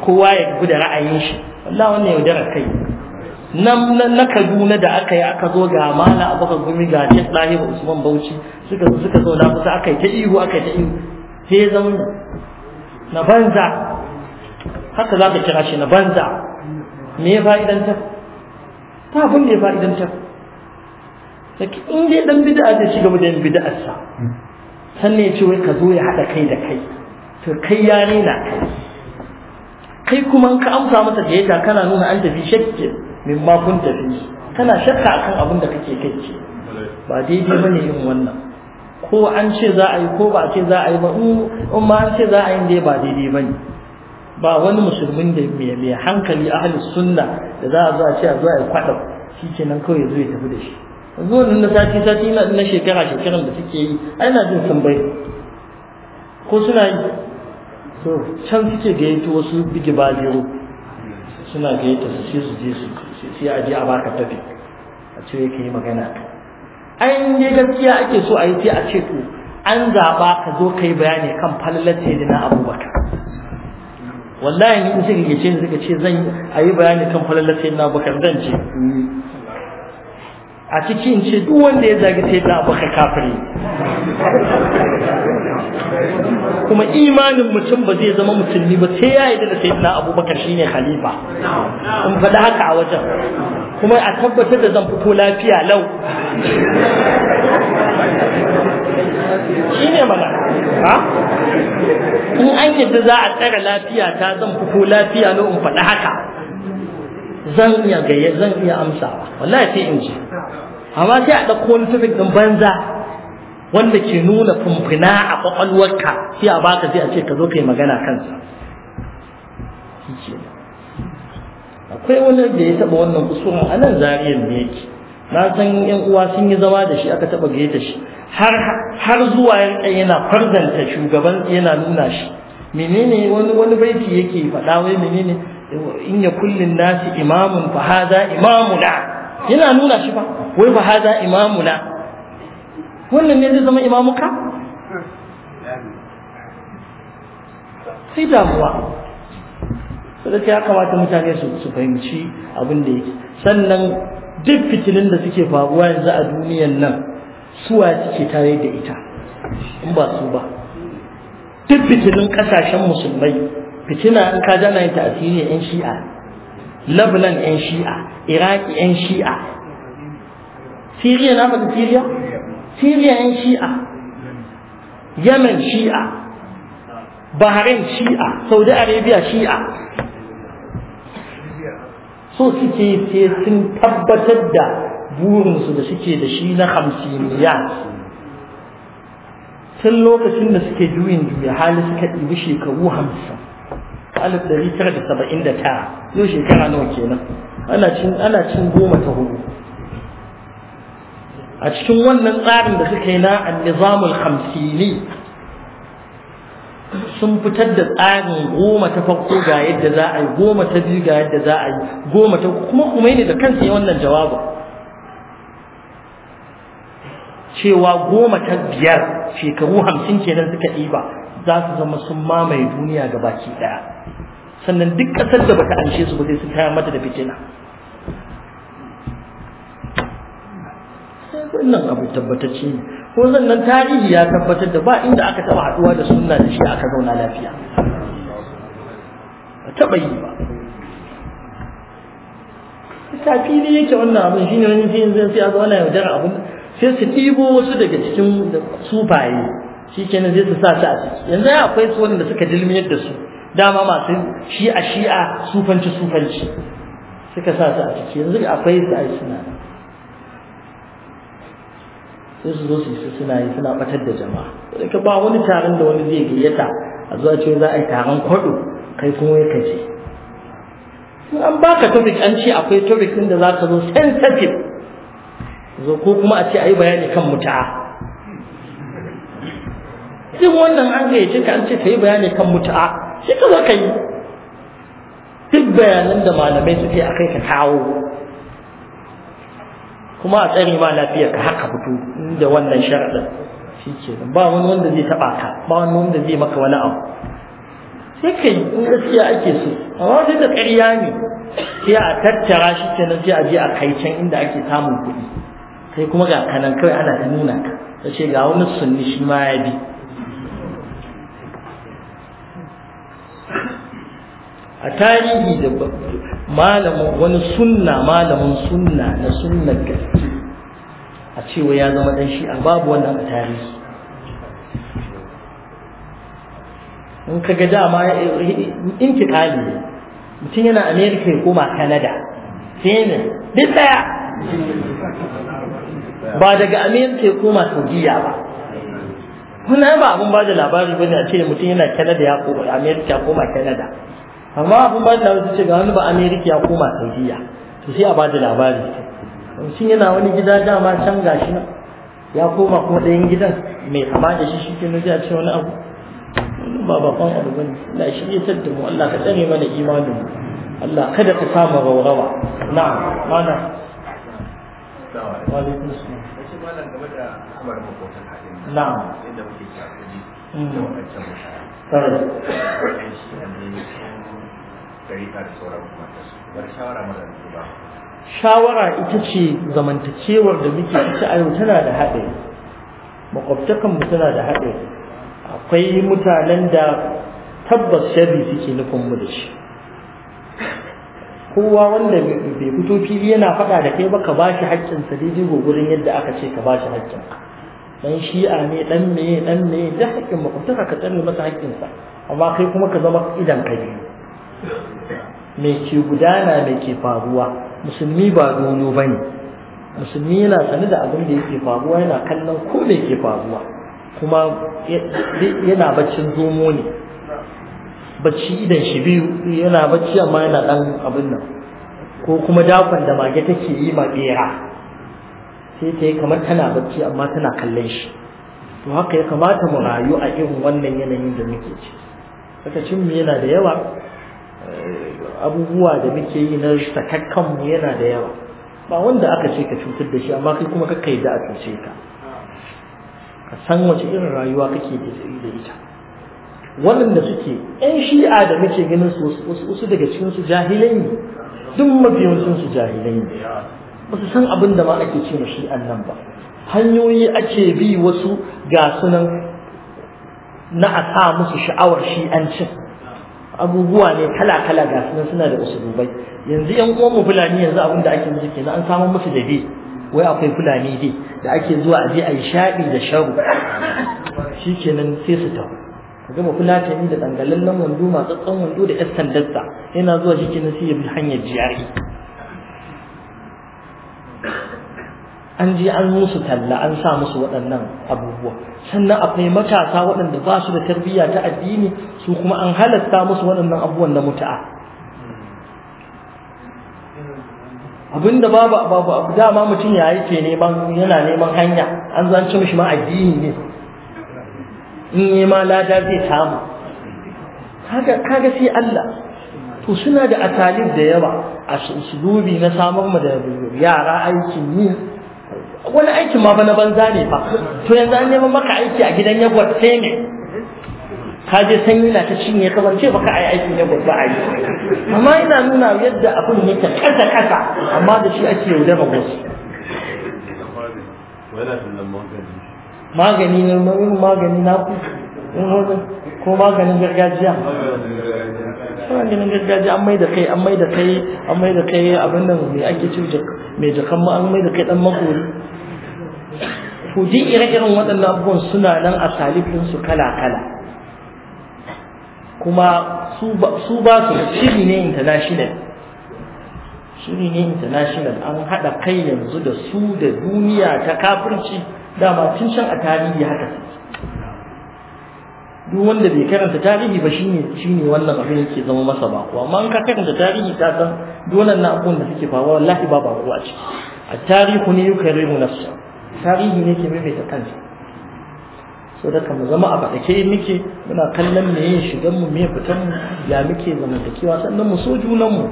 kowa ya gudu da ra'ayin shi wallahi wannan yaudarar kai na kaduna da aka yi aka zo ga mala abokan gumi ga jes lahi ba usman bauchi suka zo suka zauna kusa aka yi ta ihu aka yi ta ihu sai ya zama na banza haka za ka kira shi na banza me ya fa'idantar ta abin da ya fa'idantar saki in dai dan bid'a zai ci gaba da yin bid'ar sannan ya ce wai ka zo ya haɗa kai da kai to kai ya nuna kai kuma ka amsa masa da yadda kana nuna an tafi shakki min ma kun tafi kana shakka akan abin da kake kai ce ba daidai bane yin wannan ko an ce za a yi ko ba a ce za a yi ba in ma an ce za a yi dai ba daidai bane ba wani musulmin da mai hankali ahli sunna da za a zo a ce a zo a yi kwaɗa shi kenan kawai ya zo ya tafi da shi Zuwa nan na sati sati na shekara shekaran da suke yi ai na jin tambayi. ko suna yi to can suke gayyato wasu bigi biyu suna gayyata su sai su je su sai a je a baka tafi a ce yake yi magana an yi gaskiya ake so a yi sai a ce to an zaɓa ka zo ka yi bayani kan falalar sayyidina abubakar wallahi in suka gece suka ce zan yi bayani kan falalar sayyidina abubakar zan ce a cikin ce duk wanda ya zagi sai da abuka kafiri kuma imanin mutum ba zai zama musulmi ba sai ya yi da sayyidina abubakar ne khalifa in faɗi haka a wajen kuma a tabbatar da zan fito lafiya lau ne mana ha in an yadda za a tsara lafiya ta zan fito lafiya lau in faɗi haka zan iya gayyar zan iya amsawa wallahi sai in ji amma sai a ɗauko wani tufik ɗin banza wanda ke nuna fumfuna a ƙwaƙwalwarka sai a baka sai a ce ka zo ka yi magana kansa akwai wani da ya taɓa wannan kusurin a nan zariyar ne yake na san yan uwa sun yi zama da shi aka taɓa da shi har zuwa yana farzanta shugaban yana nuna shi menene wani wani yake faɗa wai menene in ya kullin nasi imamun fa hada imamuna yana nuna shi ba wai ba haza imamuna wannan ne zai zama imamuka sai damuwa sai ya kamata mutane su fahimci abin da yake sannan duk fitilin da suke faruwa yanzu a duniyan nan suwa suke tare da ita in ba su ba duk fitilin kasashen musulmai fitina in ka jana yin tasiri yan shi'a lebanon 'yan shi'a iraki 'yan shi'a siriya na faɗi siriya siriya 'yan shi'a yemen shi'a bahrain shi'a saudi arabia shi'a so suke sun tabbatar da burinsu da suke da shi na hamsiniya tun lokacin da suke juyin juya hali suka ɗibi shekaru hamsin alif dari tara da saba'in da tara yau shekara nawa kenan ana cin ana cin goma ta hudu a cikin wannan tsarin da suka yi na annizamul hamsini sun fitar da tsarin goma ta farko ga yadda za a yi goma ta biyu ga yadda za a yi goma ta kuma kuma ne da kansa yi wannan jawabin cewa goma ta biyar shekaru hamsin kenan suka ɗiba za su zama sun mamaye duniya ga baki daya sannan duk kasar da bata anshe su ba sai sun kaya mata da fitina wannan abu tabbatacce ne ko sannan tarihi ya tabbatar da ba inda aka taba haduwa da sunna da shi aka zauna lafiya ba taba yi ba ta fili yake wannan abin shi ne wani fiye zai sai a zauna yaudara abin sai su ɗibo wasu daga cikin sufaye shi kenan zai su sa su a ciki yanzu ya akwai su wanda suka dilmiyar da su dama masu shi shi shi'a sufanci sufanci suka sa su a ciki yanzu akwai su a yi suna sai su zo su yi suna yi suna batar da jama'a ka ba wani taron da wani zai gayyata a zuwa ce za a yi taron kwaɗo kai kuma ya kaje an baka topic an ce akwai topic ɗin da za ka zo sensitive zo ko kuma a ce a yi bayani kan mutu'a sai wannan an gayyace ka an ce ka yi bayani kan mutu'a sai ka zo kai yi duk bayanan da malamai suke a kai ka kawo kuma a tsari ma lafiya ka haka fito da wannan sharaɗin shi ke ba wani wanda zai taɓa ka ba wani wanda zai maka wani abu sai kai yi in gaskiya ake so amma sai da ƙarya ne sai a tattara shi kenan sai a je a kai can inda ake samun kuɗi kai kuma ga kanan kawai ana ta nuna ka ta ce ga wani sunni shi ma ya bi a tarihi da malamin wani sunna malamin sunna na sunnar gaske a cewa ya zama dan a babu wannan a tarihi in ka ga dama eh, eh, in ki kali mutum yana amerika ya koma canada kenan duk daya ba daga amerika ya koma saudiya ba kuna ba abin ba da labari bane a ce mutum yana canada ya koma amerika ya koma canada amma abin ba da wasu ce ga wani ba amerika ya koma saudiya to sai a ba da labari shin yana wani gida dama can gashi nan ya koma kuma ɗayan gidan mai kama da shi shi ke nufi a ce wani abu ba bakon abu ba ne na shi ya tattu mu Allah ka tsare mana imanin Allah kada ka samu raurawa na'am mana wa alaikum salam shi malam game da kamar makotan hadin na'am yadda muke kyakkyaji mm. da wadancan mutane da sauran shawara ba shawara ita ce zamantakewar da muke ita a yau tana da haɗari mu tana da haɗari akwai mutanen da tabbas sharri suke nufin mu da shi kowa wanda bai fito fili yana faɗa da kai ba ka ba shi haƙƙinsa daidai gurin yadda aka ce ka ba shi haƙƙinka dan shi'a ne dan ne dan ne, da haƙƙin makwabtaka ka tsare masa haƙƙinsa amma kai kuma ka zama idan ka biyu me ke gudana mai ke faruwa musulmi ba dono ba ne musulmi yana sane da abin da yake faruwa yana kallon ko me ke faruwa kuma yana baccin zomo ne bacci idan shi biyu yana bacci amma yana dan abin nan ko kuma dakon da mage take yi ma bera sai ta yi kamar tana bacci amma tana kallon shi to haka ya kamata mu rayu a irin wannan yanayin da muke ci sakacin mu yana da yawa abubuwa da muke yi na sakakkan mu yana da yawa ba wanda aka ce ka cutar da shi amma kai kuma kakka da a cuce ka ka san wace irin rayuwa kake da ita waɗanda suke 'yan shi'a da muke ganin su wasu daga cikin su jahilai ne duk mafiyancin su jahilai ne ba su san abin da ma ake ce ma shi'an nan ba hanyoyi ake bi wasu ga sunan na a sa musu sha'awar shi'ancin abubuwa ne kala kala ga su suna da usulubai yanzu yan uwan fulani yanzu abin da ake musu kenan an samu musu da dai wai akwai fulani dai da ake zuwa a je a yi shaɗi da sharu shi kenan sai su tafi ka gama fulatani da dangalallen wando matsatsan wando da yan sandarsa yana zuwa shi kenan sai ya bi hanyar jiyari e. an je an musu talla an sa musu waɗannan abubuwa sannan akwai matasa waɗanda ba su da tarbiyya ta addini su kuma an halatta musu waɗannan abubuwan na mutu'a abinda babu babu abu dama mutum ya yake neman yana neman hanya an zance mishi ma addini ne in yi ma lada zai samu kaga sai Allah to suna da atalib da yawa a sulubi na samar mu da yara aikin yi wani aikin ma na banza ne fa to yanzu an neman maka aiki a gidan yagwar sai ne ka je sanyi na ta cinye ka ce baka ai aiki ne ba ai amma ina nuna yadda abun yake kasa kasa amma da shi ake yaudar ba wasu magani na irin magani na ku ko maganin gargajiya maganin gargajiya an mai da kai an mai da kai an mai da kai abin nan mai ake ce mai jakan ma an mai da kai dan magori ku ji ire-iren waɗannan abubuwan suna nan a salifinsu kala-kala kuma su ba su shiri ne international shiri ne international an haɗa kai yanzu da su da duniya ta kafirci dama tun can a tarihi haka duk wanda bai karanta tarihi ba shine shine wannan abin yake zama masa ba ko amma ka karanta tarihi ta san duk wannan abubuwan da suke faruwa wallahi ba ba ce a ciki tarihu ne yukarimu nafsa tarihi ne ke maimaita kansa so da mu zama a faɗake muke muna kallon me yin shigan mu me fitan mu ya muke zamantakewa sannan mu so junan mu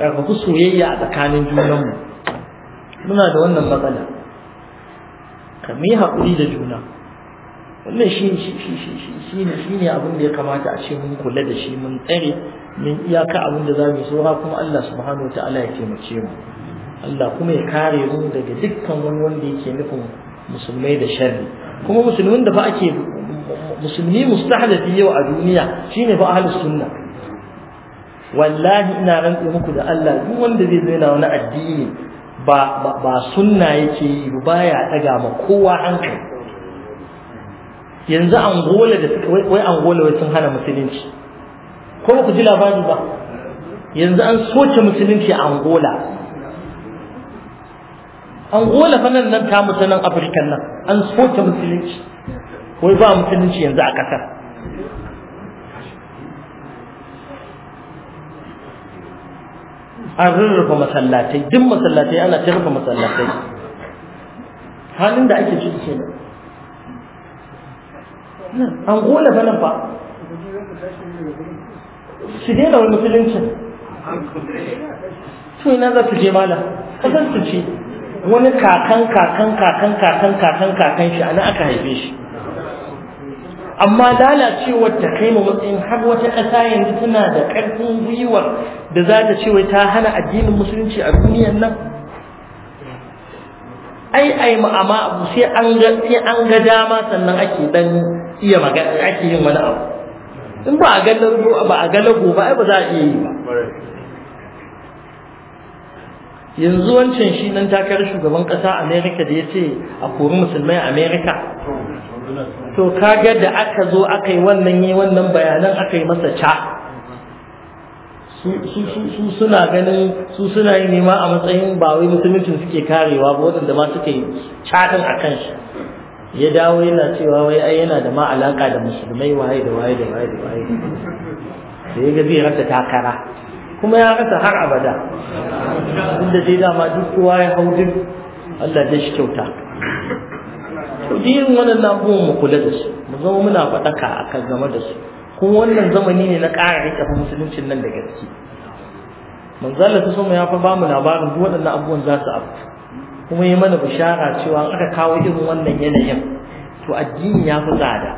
mu soyayya a tsakanin junan mu muna da wannan matsala ka mu yi haƙuri da juna wannan shi ne shi ne abin da ya kamata a ce mun kula da shi mun tsare mun iyaka abin da za mu yi ha kuma Allah subhanahu wa ta'ala ya taimake mu Allah kuma ya kare mu daga dukkan wani wanda yake nufin musulmai da sharri kuma musulmin da fa ake musulmi mustahdati yau a duniya shine fa ahlus sunna wallahi ina rantsa muku da Allah duk wanda zai zaina wani addini ba ba sunna yake yi ba ya daga ma kowa hankali yanzu Angola da wai Angola wai sun hana musulunci ko ku ji labari ba yanzu an soke musulunci a Angola an fa nan nan ta mutu nan afirkan nan an soke musulunci wai ba musulunci yanzu a ƙasar an rurrufe masallatai duk masallatai ana ta rufe masallatai halin da ake cikin ke an gola fa nan fa su daina wani musuluncin to na za su je mala kasance ce wani kakan kakan kakan kakan kakan kakan shi ana aka haife shi amma lalacewar ta kai mu matsayin har wata ƙasa yanzu tana da ƙarfin gwiwa da za ta ce ta hana addinin musulunci a duniyar nan ai ai mu amma abu sai an ga sai an ga dama sannan ake dan iya magana ake yin wani abu in ba a ga ba a ga lago ba ai ba za a iya yi ba yanzu wancan shi nan takarar shugaban ƙasa amerika da ya ce a kori musulmai amerika to kaga da aka zo aka yi wannan yi wannan bayanan aka yi masa ca su suna ganin su suna yi nema a matsayin ba wai musulmincin suke karewa ba waɗanda ma suke yi caɗin a kan shi ya dawo yana cewa wai ai yana da ma alaƙa da musulmai waye da waye da waye da waye da ya ga zai rasa takara kuma ya rasa har abada inda zai dama duk kowa ya hau din Allah da shi kyauta to irin wannan abubuwan mu kula da su mu zama muna faɗaka a kan game da su kuma wannan zamani ne na ƙara rike musuluncin nan da gaske manzo Allah sun ya fa bamu labarin duk waɗannan abubuwan za su abu kuma yi mana bishara cewa an aka kawo irin wannan yanayin to addini ya fi tsada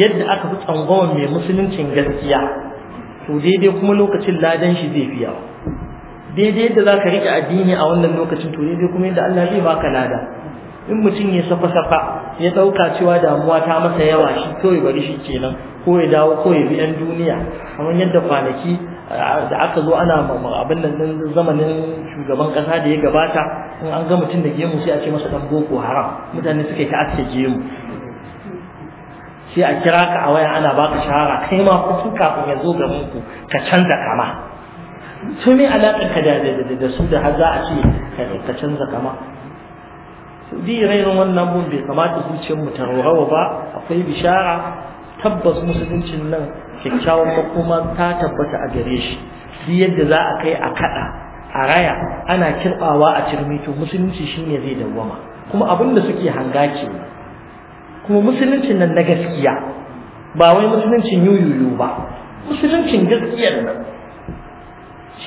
yadda aka fi tsangwama mai musuluncin gaskiya to daidai kuma lokacin ladan shi zai fiya, daidai yadda za ka riƙe addini a wannan lokacin to daidai kuma yadda Allah zai baka lada in mutum ya safa-safa ya ɗauka cewa damuwa ta masa yawa shi kawai bari shi kenan ko ya dawo ko ya bi 'yan duniya kamar yadda kwanaki da aka zo ana abin nan zamanin shugaban ƙasa da ya gabata in an ga mutum da gemu sai a ce masa ɗan boko haram mutane suka yi ta aske gemu sai a kira ka a waya ana baka shahara kai ma ku kafin ya zo ga muku ka canza kama to me alaƙar ka da su da har za a ce ka canza kama di wannan mun bai kamata zuciyar mu ta rawa ba akwai bishara tabbas musuluncin nan kyakkyawan kuma ta tabbata a gare shi di yadda za a kai a kada a raya ana kirbawa a cirmito musulunci shine zai dawwama kuma abinda suke hanga ce kuma musuluncin nan na gaskiya ba wai musuluncin yuyuyu ba musuluncin gaskiyar nan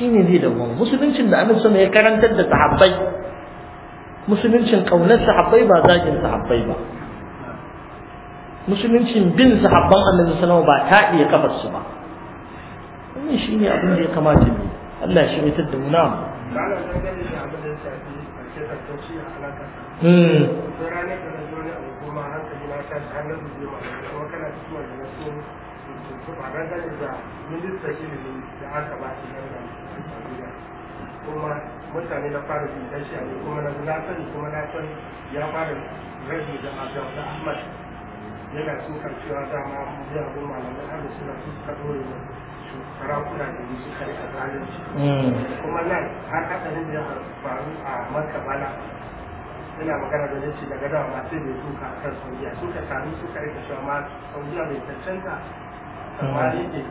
ne zai dawo musuluncin da annabi sama ya karantar da sahabbai musuluncin kaunar sahabbai ba zagin sahabbai ba musuluncin bin sahabban annabi sallallahu ba ta iya kafar su ba wannan ne abin da ya kamata ne Allah shi mutar da mu na mu kuma mutane na fara bin shi a ne kuma na sani kuma na san ya fara rashin da da ahmad yana sukar cewa dama mu ji abin malaman a suna suka dore mu sarakuna da yi suka yi a zalunci kuma nan har hadarin da ya faru a makabala yana magana da zai daga dawa masu mai suka a kan saudiya suka sami suka rika cewa ma saudiya mai tattanta amma ne ke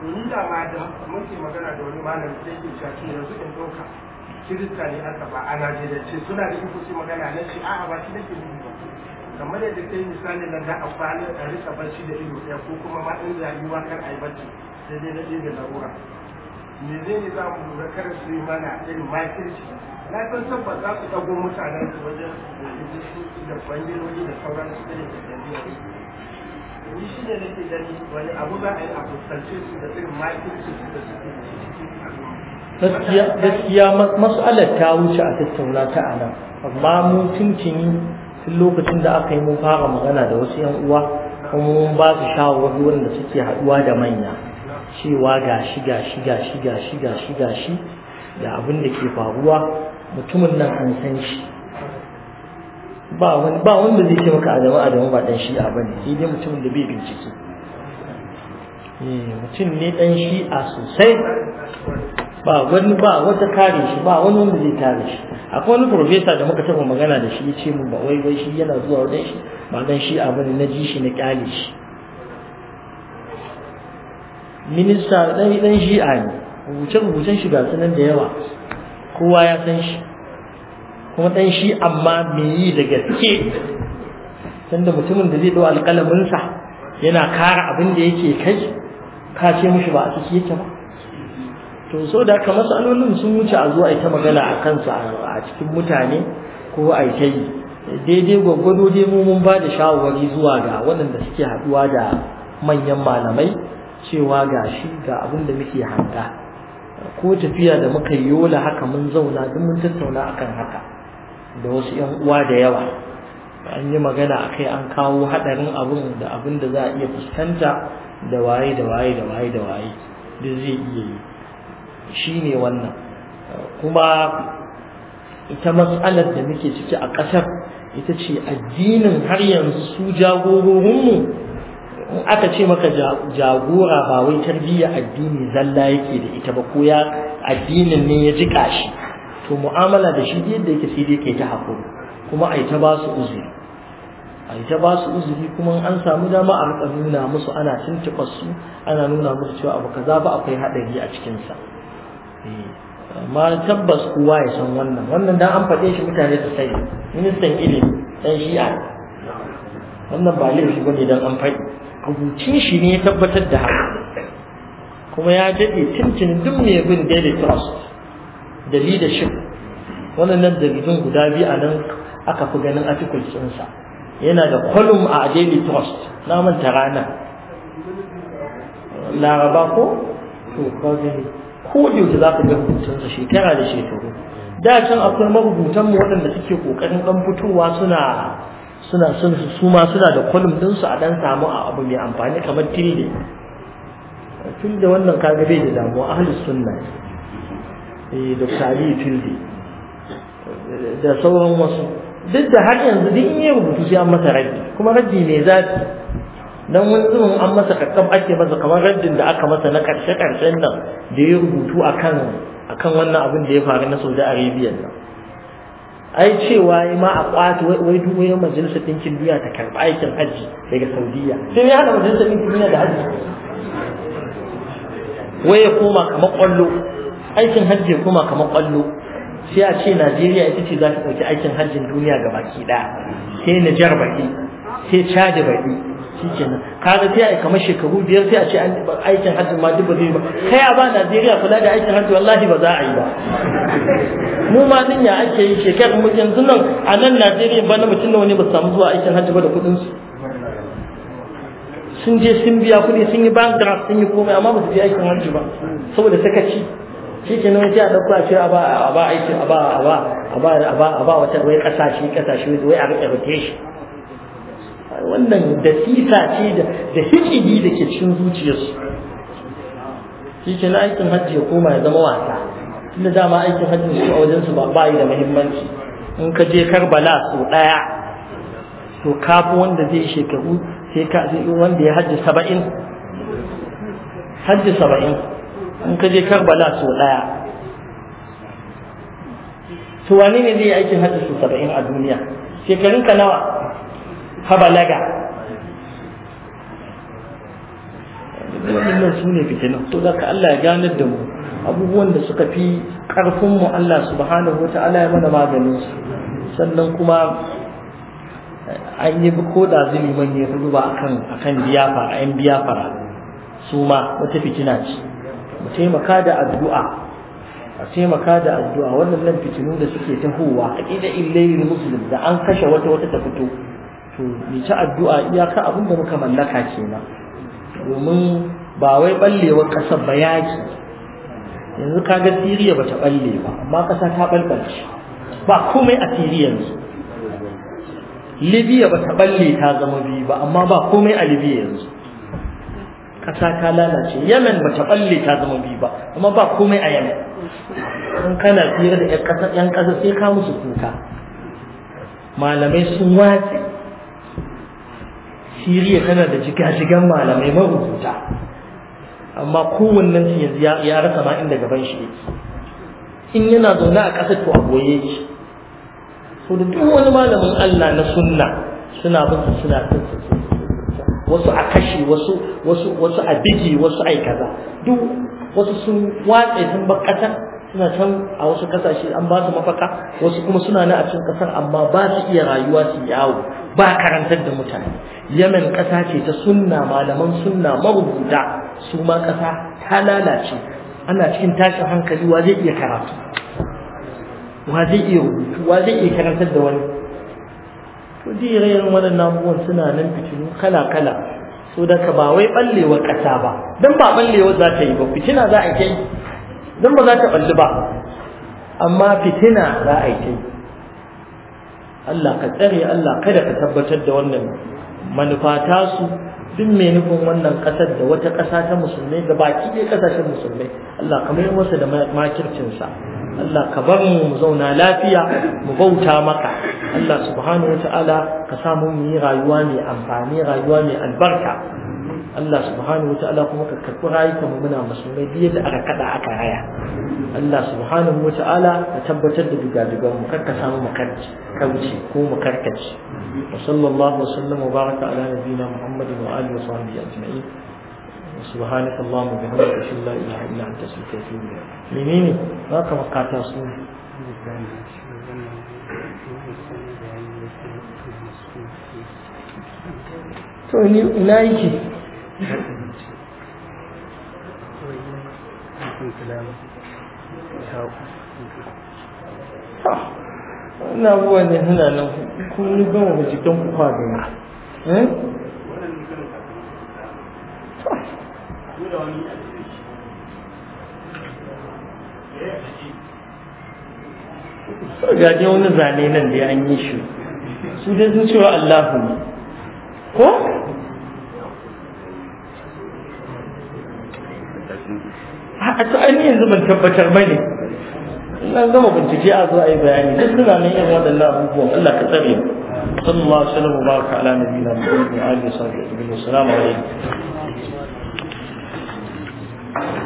to ni da ma da muke magana da wani malam sai ke shafi shi yanzu in ɗauka kirista ne aka ba a najeriya ce suna da iko magana na ce a'a ba shi nake nufi ba kamar yadda ta yi misali na da a da a rika barci da ido ɗaya ko kuma ma in rayuwa kan a yi barci sai dai na ɗaya da larura me zai ne za mu lura kar su yi mana irin makirci na san tabbas za ku ɗago mutanen su wajen da bangiloji da da sauran su da ke da ni shi ne nake gani wani abu za a yi a fuskance su da irin makirci su da suke da shi gaskiya mas'alar ta wuce a tattauna ta a nan amma mun tuntuni tun lokacin da aka yi mun fara magana da wasu yan uwa kuma mun ba su shawarwari wanda suke haduwa da manya cewa ga ga ga shi, shi, shi, ga shi, ga shi, ga shi, da abin da ke faruwa mutumin nan an san shi ba wani ba wanda zai ce maka adamu adamu ba dan shi'a bane sai dai mutumin da bai bincike eh, mutum ne dan shi'a sosai ba wani ba wata kare shi ba wani wanda zai kare shi akwai wani profesa da muka taɓa magana da shi ya ce mu ba wai wai shi yana zuwa wajen shi ba dan shi'a bane na ji shi na kyale shi minista dan dan shi'a ne rubuce-rubucen shiga sunan da yawa kowa ya san shi kuma dan shi amma me yi da gaske sanda mutumin da zai ɗau sa yana kara abin da yake kai ka ce mushi ba a ciki yake ba to so da ka matsalolin sun wuce a zuwa ita magana a kansa a cikin mutane ko a ta yi daidai gwaggwado dai mu mun ba da shawarwari zuwa ga waɗanda suke haɗuwa da manyan malamai cewa ga shi ga abin da muke hanga ko tafiya da muka yi yola haka mun zauna duk mun tattauna akan haka da wasu yan uwa da yawa an yi magana akai an kawo hadarin abin da abin da za a iya fuskanta da waye da waye da waye da waye da zai iya yi shine wannan kuma ita matsalar da muke ciki a ƙasar ita ce addinin har yanzu su jagororinmu in aka ce maka jagora ba wai tarbiyya addini zalla yake da ita ba ko ya addinin ne ya jika shi to mu'amala da shi yadda yake sai dai kai ta hakuri kuma ai ta ba su uzuri ai ta ba su uzuri kuma an samu dama a rika nuna musu ana tuntuɓa su ana nuna musu cewa abu kaza ba akwai haɗari a cikin sa eh, amma tabbas kowa ya san wannan wannan dan an faɗe shi mutane su sani ministan ilimi dan shi'a wannan ba laifi bane dan an faɗi rubutun shi ne ya tabbatar da haka kuma ya daɗe tuntun duk mai bin daily trust da leadership waɗannan dalilin guda biyu a nan aka fi ganin articles ɗinsa yana da kwalum a daily trust na manta rana laraba ko ko za ka ga rubutunsa shekara da shekaru da can akwai marubutan waɗanda suke ƙoƙarin ɗan fitowa suna suna sun su ma suna da kulum su a dan samu a abu mai amfani kamar tilde tilde wannan kaga bai da damuwa ahli sunna eh da ali tilde da sauran wasu duk da har yanzu duk in yi rubutu sai an masa raddi kuma raddi ne zafi dan wani zubin an masa kakkab ake masa kamar raddin da aka masa na karshe karshen nan da ya rubutu akan akan wannan abin da ya faru na Saudi Arabia nan ai cewa yi ma a kwato wai wani majalisar ɗinkin duniya ta karɓi aikin hajji daga saudiya sai ya hada majalisar ɗinkin duniya da hajji wai ya koma kamar ƙwallo aikin hajji ya koma kamar ƙwallo sai a ce najeriya ita ce za ta ɗauki aikin hajjin duniya ga baki ɗaya sai nijar baki sai chad baki shikenan kaga sai ai kamar shekaru biyar sai a ce aikin hajji ma duk ba zai ba kai a ba Najeriya kula da aikin hajji wallahi ba za a yi ba mu ma din ya ake yi shekaru mu yanzu nan a nan Najeriya ba na mutum nawa ne ba samu zuwa aikin hajji ba da kuɗin su sun je sun biya kuɗi sun yi bank draft sun yi komai amma ba su je aikin hajji ba saboda sakaci shi ke nan jiya ɗauko a ce a ba a ba aiki a ba a ba a ba a ba wata wai ƙasashe ƙasashe wai a riƙe shi. wannan da sisa ce da hikidi da ke cikin zuciyarsu shi ke na aikin hajji ya koma ya zama wasa tunda dama aikin hajji su a wajensu ba ba da muhimmanci in ka je karbala sau ɗaya to kafu wanda zai shekaru sai ka wanda ya hajji saba'in hajji saba'in in ka je karbala sau ɗaya to wani ne zai yi aikin hajji sau saba'in a duniya shekarun ka nawa habalaga wannan su ne fitina to da ka Allah ya ganar da mu abubuwan da suka fi karfin mu Allah subhanahu ala ya mana maganin sannan kuma eh, an yi ko da zumi man ya fi duba akan akan biyafara 'yan biyafara su ma wata fitina ce mu taimaka da addu'a a taimaka da addu'a wannan nan fitinu da suke tahowa a ƙida illayin muslim da an kashe wata wata ta fito to yi ci addu'a iyaka abin da muka mallaka kenan domin ba wai ballewar ƙasar ba yaki yanzu kaga Siriya ta balle ba amma ƙasa ta balbalce ba komai a Siriya yanzu Libya ta balle ta zama biyu ba amma ba komai a Libya yanzu ƙasa ta lalace Yemen ta balle ta zama biyu ba amma ba komai a Yemen in kana tsira da 'yan ƙasa sai ka musu kuka malamai sun wace siriya tana da jiga-jigan malamai marubuta amma kowannen su yanzu ya rasa ma inda gaban shi yake in yana zaune a ƙasar to a goye yake so da duk wani malamin Allah na sunna suna bin suna wasu a kashe wasu wasu wasu a bige wasu ai kaza duk wasu sun watsa sun bar ƙasar suna can a wasu ƙasashe an ba su mafaka wasu kuma suna na a cikin ƙasar amma ba su iya rayuwa su yawo ba karantar da mutane yamen ƙasa ce ta sunna malaman sunna marubuta su ma ƙasa ta lalace ana cikin tashin hankali wa zai iya karatu wa zai iya rubutu wa zai iya karantar da wani to jirayen waɗannan abubuwan suna nan fitinu kala kala so daga ba wai ɓallewar ƙasa ba don ba ɓallewar za ta yi ba fitina za a yi don ba za ta ɓalli ba amma fitina za a yi Allah ka tsare Allah kada ka tabbatar da wannan manufa su. duk mai nufin wannan ƙasar da wata ƙasa ta musulmai da baki ɗaya ƙasashen musulmai Allah ka mai masa da sa Allah ka bar mu mu zauna lafiya mu bauta maka Allah subhanahu wa ta'ala ka samu mu yi rayuwa mai amfani rayuwa mai albarka Allah subhanahu wa ta'ala kuma ka karɓi rayuka mu muna musulmai biyar da aka kaɗa aka raya Allah subhanahu wa ta'ala ka tabbatar da dugadugan mu karka samu mu kauce ko mu karkace wa sallallahu wa sallam wa baraka ala nabiyyina muhammadin wa alihi wa sahbihi ajma'in subhanaka allahumma bihamdika ashhadu an la ilaha illa anta astaghfiruka wa atubu makata su to ni ina yake ina abubuwa ne hana nan kun gama da ku kwa gani eh ga dai wani zane nan da an yi shi su dai sun cewa Allahu ne ko a to an yanzu ban tabbatar ba ne na gama bincike a zo a yi bayani duk suna nan yin waɗannan abubuwan Allah ka tsare mu sallallahu alaihi wa sallam baraka ala nabiyina muhammad wa alihi wa sahbihi wa sallam alaikum